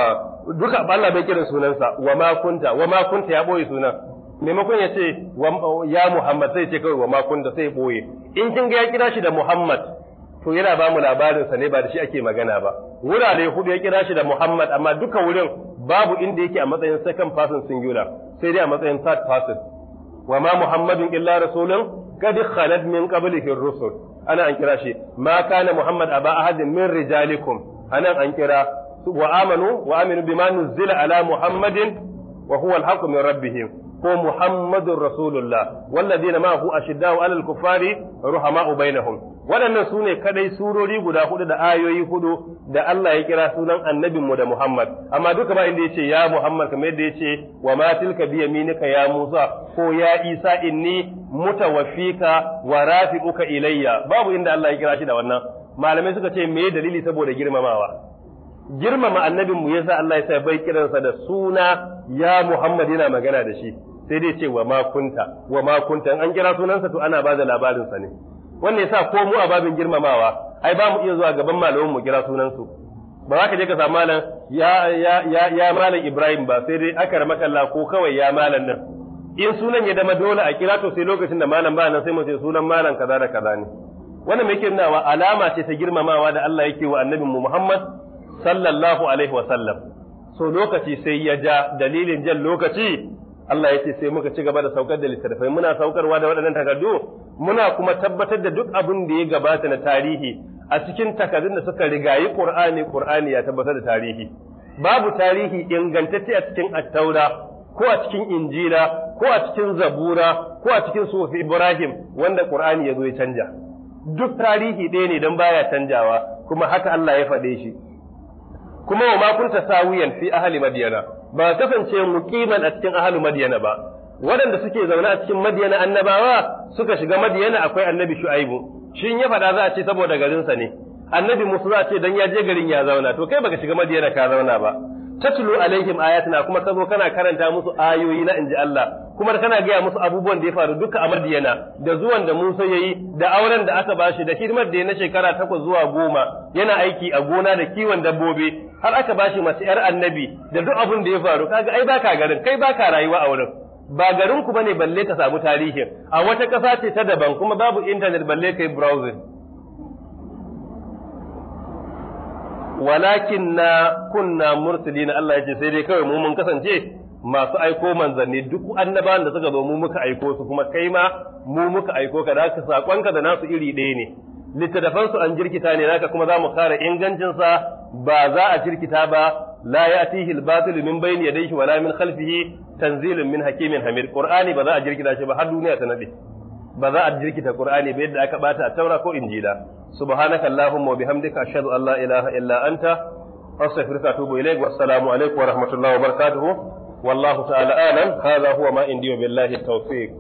duka Allah bai kira sunansa wa ma kunta wa ma kunta ya boye sunan maimakon ya ce ya Muhammad sai ce kawai wa ma kunta sai boye in kin ga ya kira shi da Muhammad to yana ba mu labarin sa ne ba da shi ake magana ba wurare hudu ya kira shi da Muhammad amma duka wurin babu inda yake a matsayin second person singular sai dai a matsayin third person wa ma muhammadun illa rasulun qad khalat min qablihi rusul ana an kira shi ma kana muhammad aba ahadin min rijalikum anan an kira wa amanu wa aminu bima nuzila ala muhammadin wa huwa al-haqqu min rabbihim ko muhammadur rasulullah walladina ma hu ashiddau alal kufari ruhama'u bainahum waɗannan su ne kadai surori guda hudu da ayoyi hudu da Allah ya kira sunan annabinmu da Muhammad amma duka ba inda ya ce ya Muhammad kamar yadda ce, wa ma tilka biya minika ya Musa ko ya Isa inni muta wa uka ilayya babu inda Allah ya kira shi da wannan malamai suka ce me dalili saboda girmamawa girmama annabinmu ya sa Allah ya sa bai kiransa da suna ya Muhammad yana magana da shi sai dai ce wa ma wa ma an kira sunansa to ana ba da labarinsa ne wannan yasa ko mu a babin girmamawa ai ba mu iya zuwa gaban malamin mu kira sunan su ba za ka je ka samu malam ya ya ya, malam Ibrahim ba sai dai aka makalla ko kawai ya malam nan in sunan ya dama dole a kira to sai lokacin da malam ba nan sai mu ce sunan malam kaza da kaza ne wannan me yake nawa alama ce ta girmamawa da Allah yake wa annabin mu Muhammad sallallahu alaihi wa sallam so lokaci sai ya ja dalilin jan lokaci Allah ya ce sai muka ci gaba da saukar da littattafai muna saukarwa da waɗannan takardu muna kuma tabbatar da duk abin da ya gabata na tarihi a cikin takardun da suka rigayi Qur'ani Qur'ani ya tabbatar da tarihi babu tarihi ingantacce a cikin Attaura ko a cikin Injila ko a cikin Zabura ko a cikin Sufi Ibrahim wanda Qur'ani ya zo ya canja duk tarihi ɗaya ne don baya canjawa kuma haka Allah ya faɗe shi kuma wa ma kunta sawiyan fi ahli madiyana ba kasance ƙiman a cikin ahalu madiyana ba waɗanda suke zaune a cikin madiyana annabawa suka shiga madiyana akwai annabi shu'aibu shin ya faɗa za a ce saboda garinsa ne annabi musa za a ce dan ya je garin ya zauna to kai baka shiga madiyana ka zauna ba tatlu alaihim ayatina kuma ka kana karanta musu ayoyi na inji Allah kuma kana gaya musu abubuwan da ya faru duka a Madiyana da zuwan da Musa yayi da auren da aka bashi da hidimar da ya na shekara takwas zuwa goma yana aiki a gona da kiwon dabbobi har aka bashi mace yar annabi da duk abun da ya faru kaga ai baka garin kai baka rayuwa a wurin ba garin ku bane balle ka samu tarihin a wata ƙasa ce ta daban kuma babu internet balle kai browsing walakin na kunna mursalin Allah ya ce sai dai kawai mu mun kasance masu aiko manzanni duk annabawan da suka zo mu muka aiko su kuma kai ma mu muka aiko ka da ka sakonka da nasu iri ɗaya ne littattafan su an jirkita ne naka kuma za mu kare ingancin sa ba za a jirkita ba la ya'tihi al-batil min bayni yadayhi wala min khalfihi tanzilun min hakimin hamid qur'ani ba za a jirkita shi ba har duniya ta nade ba za a jirkita Qur'ani ba yadda aka bata a Taura ko Injila subhanaka allahumma wa bihamdika ashhadu an la ilaha illa anta astaghfiruka wa atubu ilaik wa assalamu alaikum wa rahmatullahi wa barakatuh wallahu ta'ala alam hadha huwa ma indi wa billahi tawfiq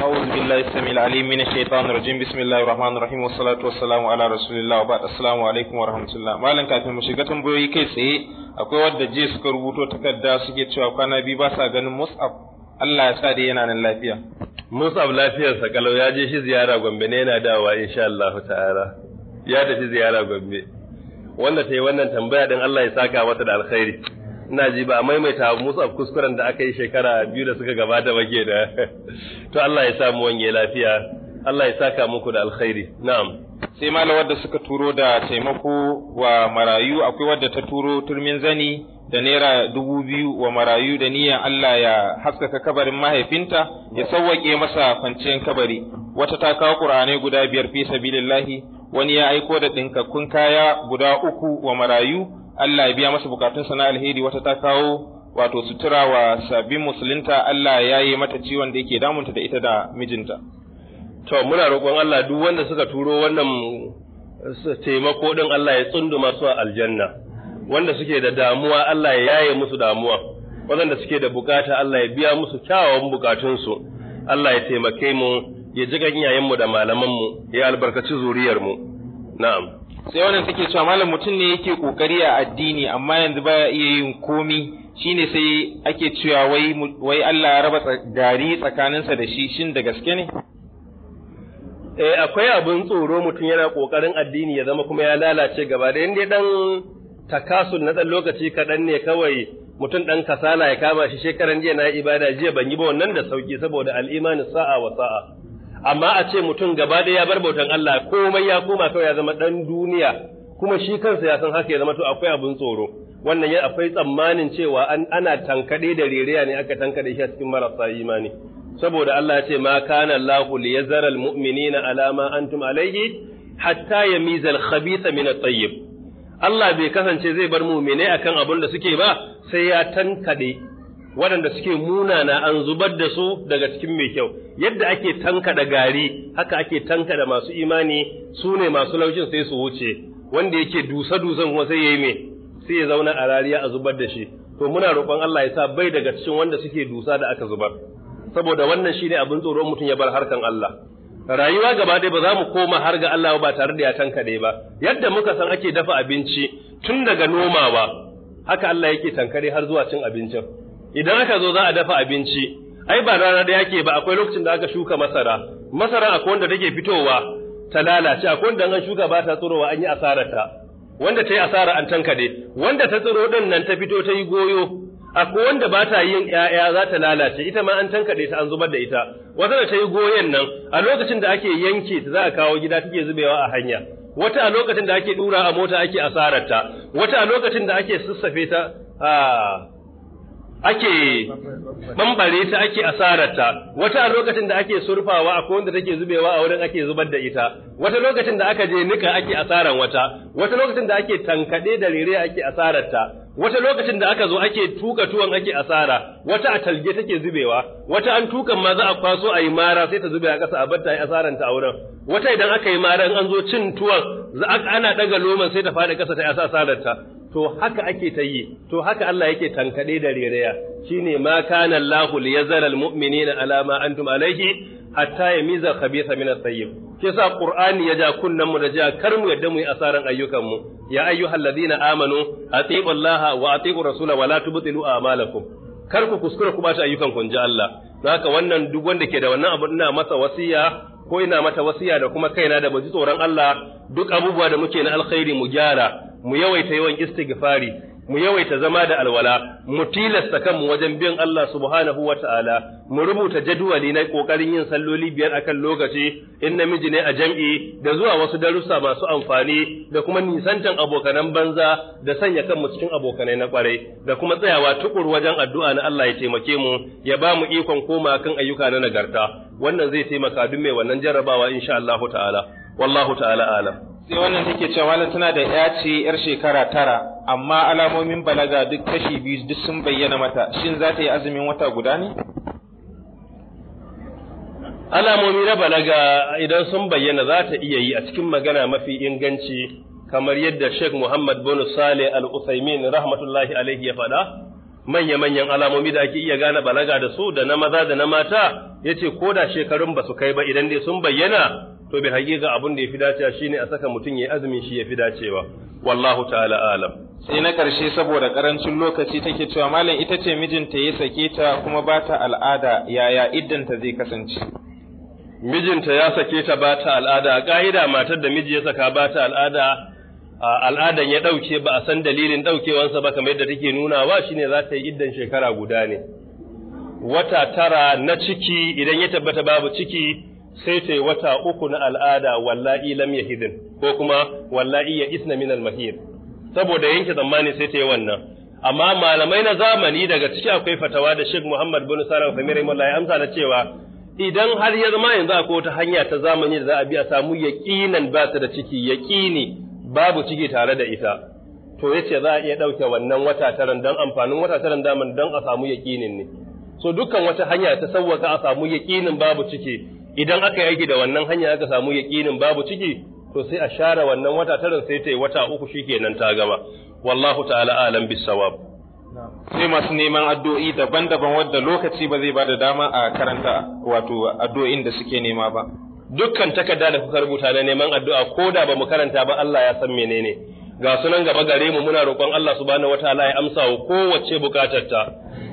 أعوذ بالله السميع العليم من الشيطان الرجيم بسم الله الرحمن الرحيم والصلاة والسلام على رسول الله وبعد السلام عليكم ورحمة الله ما لنك أتمنى شكرا بوي akwai wadda je suka rubuto takarda suke cewa kwana biyu ba sa ganin mus'ab Allah ya sa dai yana nan lafiya mus'ab lafiyar sa kalau ya je shi ziyara gombe ne yana dawowa insha Allah ta'ala ya tafi ziyara gombe wanda ta yi wannan tambaya din Allah ya saka mata da alkhairi ina ji ba maimaita mus'ab kuskuren da aka yi shekara biyu da suka gabata ba ke da to Allah ya sa mu wange lafiya Allah ya saka muku da alkhairi na'am sai malawar da suka turo da taimako wa marayu akwai wadda ta turo turmin zani da naira dubu biyu wa marayu da niyyar Allah ya haskaka kabarin mahaifinta ya sauwake masa kwanciyar kabari wata ta kawo ƙur'anai guda biyar fi sabilillahi wani ya aiko da ɗinkakkun kaya guda uku wa marayu Allah ya biya masa bukatun na alheri wata ta kawo wato sutura wa sabbin musulunta Allah ya yi mata ciwon da yake damunta da ita da mijinta. To muna roƙon Allah duk wanda suka turo wannan taimako din Allah ya tsunduma su a aljanna. Wanda suke da damuwa Allah ya yaye musu damuwa. Wanda suke da bukata Allah ya biya musu kyawawan bukatunsu. Allah ya taimake mu ya ji iyayenmu da malamanmu ya albarkaci zuriyarmu. Na'am. sai wannan take cewa malam mutum ne yake kokari a addini amma yanzu baya iya yin komi shine sai ake cewa wai wai Allah ya raba gari tsakaninsa da shi shin da gaske ne eh akwai abin tsoro mutum yana kokarin addini ya zama kuma ya lalace gaba da inda dan takasul na dan lokaci kaɗan ne kawai mutum ɗan kasala ya kama shi shekaran jiya na ibada jiya ban yi ba wannan da sauki saboda al'imani sa'a wa sa'a amma a ce mutum gaba ɗaya ya bar bautan Allah komai ya koma kawai ya zama ɗan duniya kuma shi kansa ya san haka ya zama to akwai abin tsoro wannan ya akwai tsammanin cewa ana tankade da rereya ne aka tankade shi a cikin marasa imani saboda Allah ya ce ma kana Allahu li yazara al mu'minina ala ma antum alayhi hatta yamiza al khabitha min at Allah bai kasance zai bar mu'mine akan abin da suke ba sai ya tankade waɗanda suke munana an zubar da su daga cikin mai kyau yadda ake tankada gari haka ake tankada masu imani su ne masu laushin sai su wuce wanda yake dusa dusan kuma sai yayi mai sai ya zauna a rariya a zubar da shi to muna roƙon Allah ya sa bai daga cikin wanda suke dusa da aka zubar saboda wannan shine abin tsoro, mutum ya bar harkan Allah rayuwa gaba ɗaya ba za mu koma har ga Allah ba tare da ya tankade ba yadda muka san ake dafa abinci tun daga nomawa haka Allah yake tankare har zuwa cin abincin idan aka zo za a dafa abinci ai ba rana da yake ba akwai lokacin da aka shuka masara masara akwai wanda take fitowa ta lalace akwai wanda an shuka ba ta tsirowa an yi asarar ta. wanda ta yi asara an tankade wanda ta tsiro din nan ta fito ta yi goyo akwai wanda ba ta yin ‘ya'ya za ta lalace, ita ma an tankade ta an zubar da ita, wata da ta yi goyon nan, a lokacin da ake yanke ta za a kawo gida take zubewa a hanya, wata a lokacin da ake dura a mota ake asararta, wata a lokacin da ake sassafe ta, ah, ake bambare ta ake asararta wata a lokacin da ake surfawa akwai wanda take zubewa a wurin ake zubar da ita wata lokacin da aka je nika ake asaran wata wata lokacin da ake tankade da rere ake asararta wata lokacin da aka zo ake tuka tuwon ake asara wata a talge take zubewa wata an tukan ma za a kwaso a yi mara sai ta zube a ƙasa a bar ta yi asaranta a wurin wata idan aka yi mara in an zo cin tuwon ana ɗaga loman sai ta faɗi ƙasa ta yi asararta to haka ake ta yi to haka Allah yake tankade da rereya shine ma kana Allahu liyazara na alama, ma antum alayhi hatta yamiza khabitha min kisa qur'ani ya ja kunnan mu da ja kar mu yadda mu yi asaran ayyukan mu ya ayyuhalladhina amanu atiqu Allah wa atiqu rasula wa la a a'malakum kar ku kuskura ku bata ayyukan kun ji Allah haka wannan duk wanda ke da wannan abu ina masa wasiya ko ina mata wasiya da kuma kaina da baji tsoron Allah duk abubuwa da muke na alkhairi mu gyara mu yawaita yawan istighfari mu yawaita zama da alwala mu tilasta kanmu wajen bin Allah subhanahu wa ta'ala mu rubuta jadwali na kokarin yin salloli biyar akan lokaci in namiji ne a jam'i da zuwa wasu darussa masu amfani da kuma nisantan abokanan banza da sanya kanmu cikin abokanai na kwarai da kuma tsayawa tukur wajen addu'a na Allah ya taimake mu ya ba mu ikon koma kan ayyuka na nagarta wannan zai taimaka duk mai wannan jarrabawa insha Allah ta'ala wallahu ta'ala alam sai wannan take cewa malam tana da ya ce yar shekara tara amma alamomin balaga duk kashi biyu duk sun bayyana mata shin za ta yi azumin wata guda ne alamomi na balaga idan sun bayyana za ta iya yi a cikin magana mafi inganci kamar yadda Sheikh Muhammad bin Saleh Al-Utsaimin rahmatullahi alaihi ya faɗa manya-manyan alamomi da ake iya gane balaga da su da na maza da na mata Ya ce ko da shekarun ba su kai ba idan dai sun bayyana to bil haƙiƙa abin da ya fi dacewa shine a saka mutum ya azumi shi ya fi dacewa wallahu ta'ala alam sai na karshe saboda karancin lokaci take cewa malam ita ce mijinta ya sake ta kuma ba ta al'ada yaya iddanta zai kasance mijinta ya sake ta ba ta al'ada ka'ida matar da miji ya saka ba ta al'ada al'adan ya ɗauke ba a san dalilin ɗaukewansa ba kamar yadda take nunawa shine za ta yi iddan shekara guda ne wata tara na ciki idan ya tabbata babu ciki sai ce wata uku na al'ada wallahi lam yahidin ko kuma wallahi ya isna min al-mahir saboda yanke zamani sai ce wannan amma malamai na zamani daga ciki akwai fatawa da Sheikh Muhammad bin Salam Fahmi rahimahullah ya amsa da cewa idan har ya zama yanzu akwai wata hanya ta zamani da za a bi a samu yaqinan ba ta da ciki yaqini babu ciki tare da ita to yace za a iya dauke wannan wata taran dan amfanin wata taran daman dan a samu yaqinin ne so dukkan wata hanya ta sawwaka a samu yaqinin babu ciki idan aka yaki da wannan hanya aka samu yaƙinin babu ciki to sai a share wannan wata tarin sai ta wata uku shikenan ta gama wallahu ta'ala alam bisawab sai masu neman addu'o'i daban-daban wadda lokaci ba zai bada dama a karanta wato addu'o'in da suke nema ba dukkan takarda da kuka rubuta na neman addu'a ko da ba mu karanta ba Allah ya san menene ga sunan gaba gare mu muna roƙon Allah subhanahu wataala ya amsa wa kowace ta.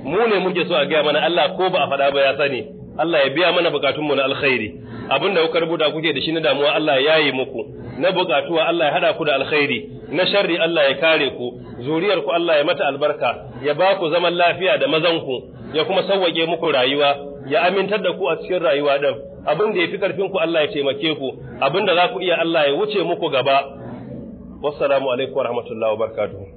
mu ne muke so a gaya mana Allah ko ba a faɗa ba ya sani Allah ya biya mana bukatunmu na alkhairi abin da kuka rubuta kuke da shi na damuwa Allah ya yi muku na bukatuwa Allah ya hada ku da alkhairi na sharri Allah ya kare ku zuriyar ku Allah ya mata albarka ya ba ku zaman lafiya da mazan ku ya kuma sauwake muku rayuwa ya amintar da ku a cikin rayuwa din abin da ya fi karfin ku Allah ya taimake ku abin da za ku iya Allah ya wuce muku gaba wassalamu alaikum warahmatullahi wabarakatuh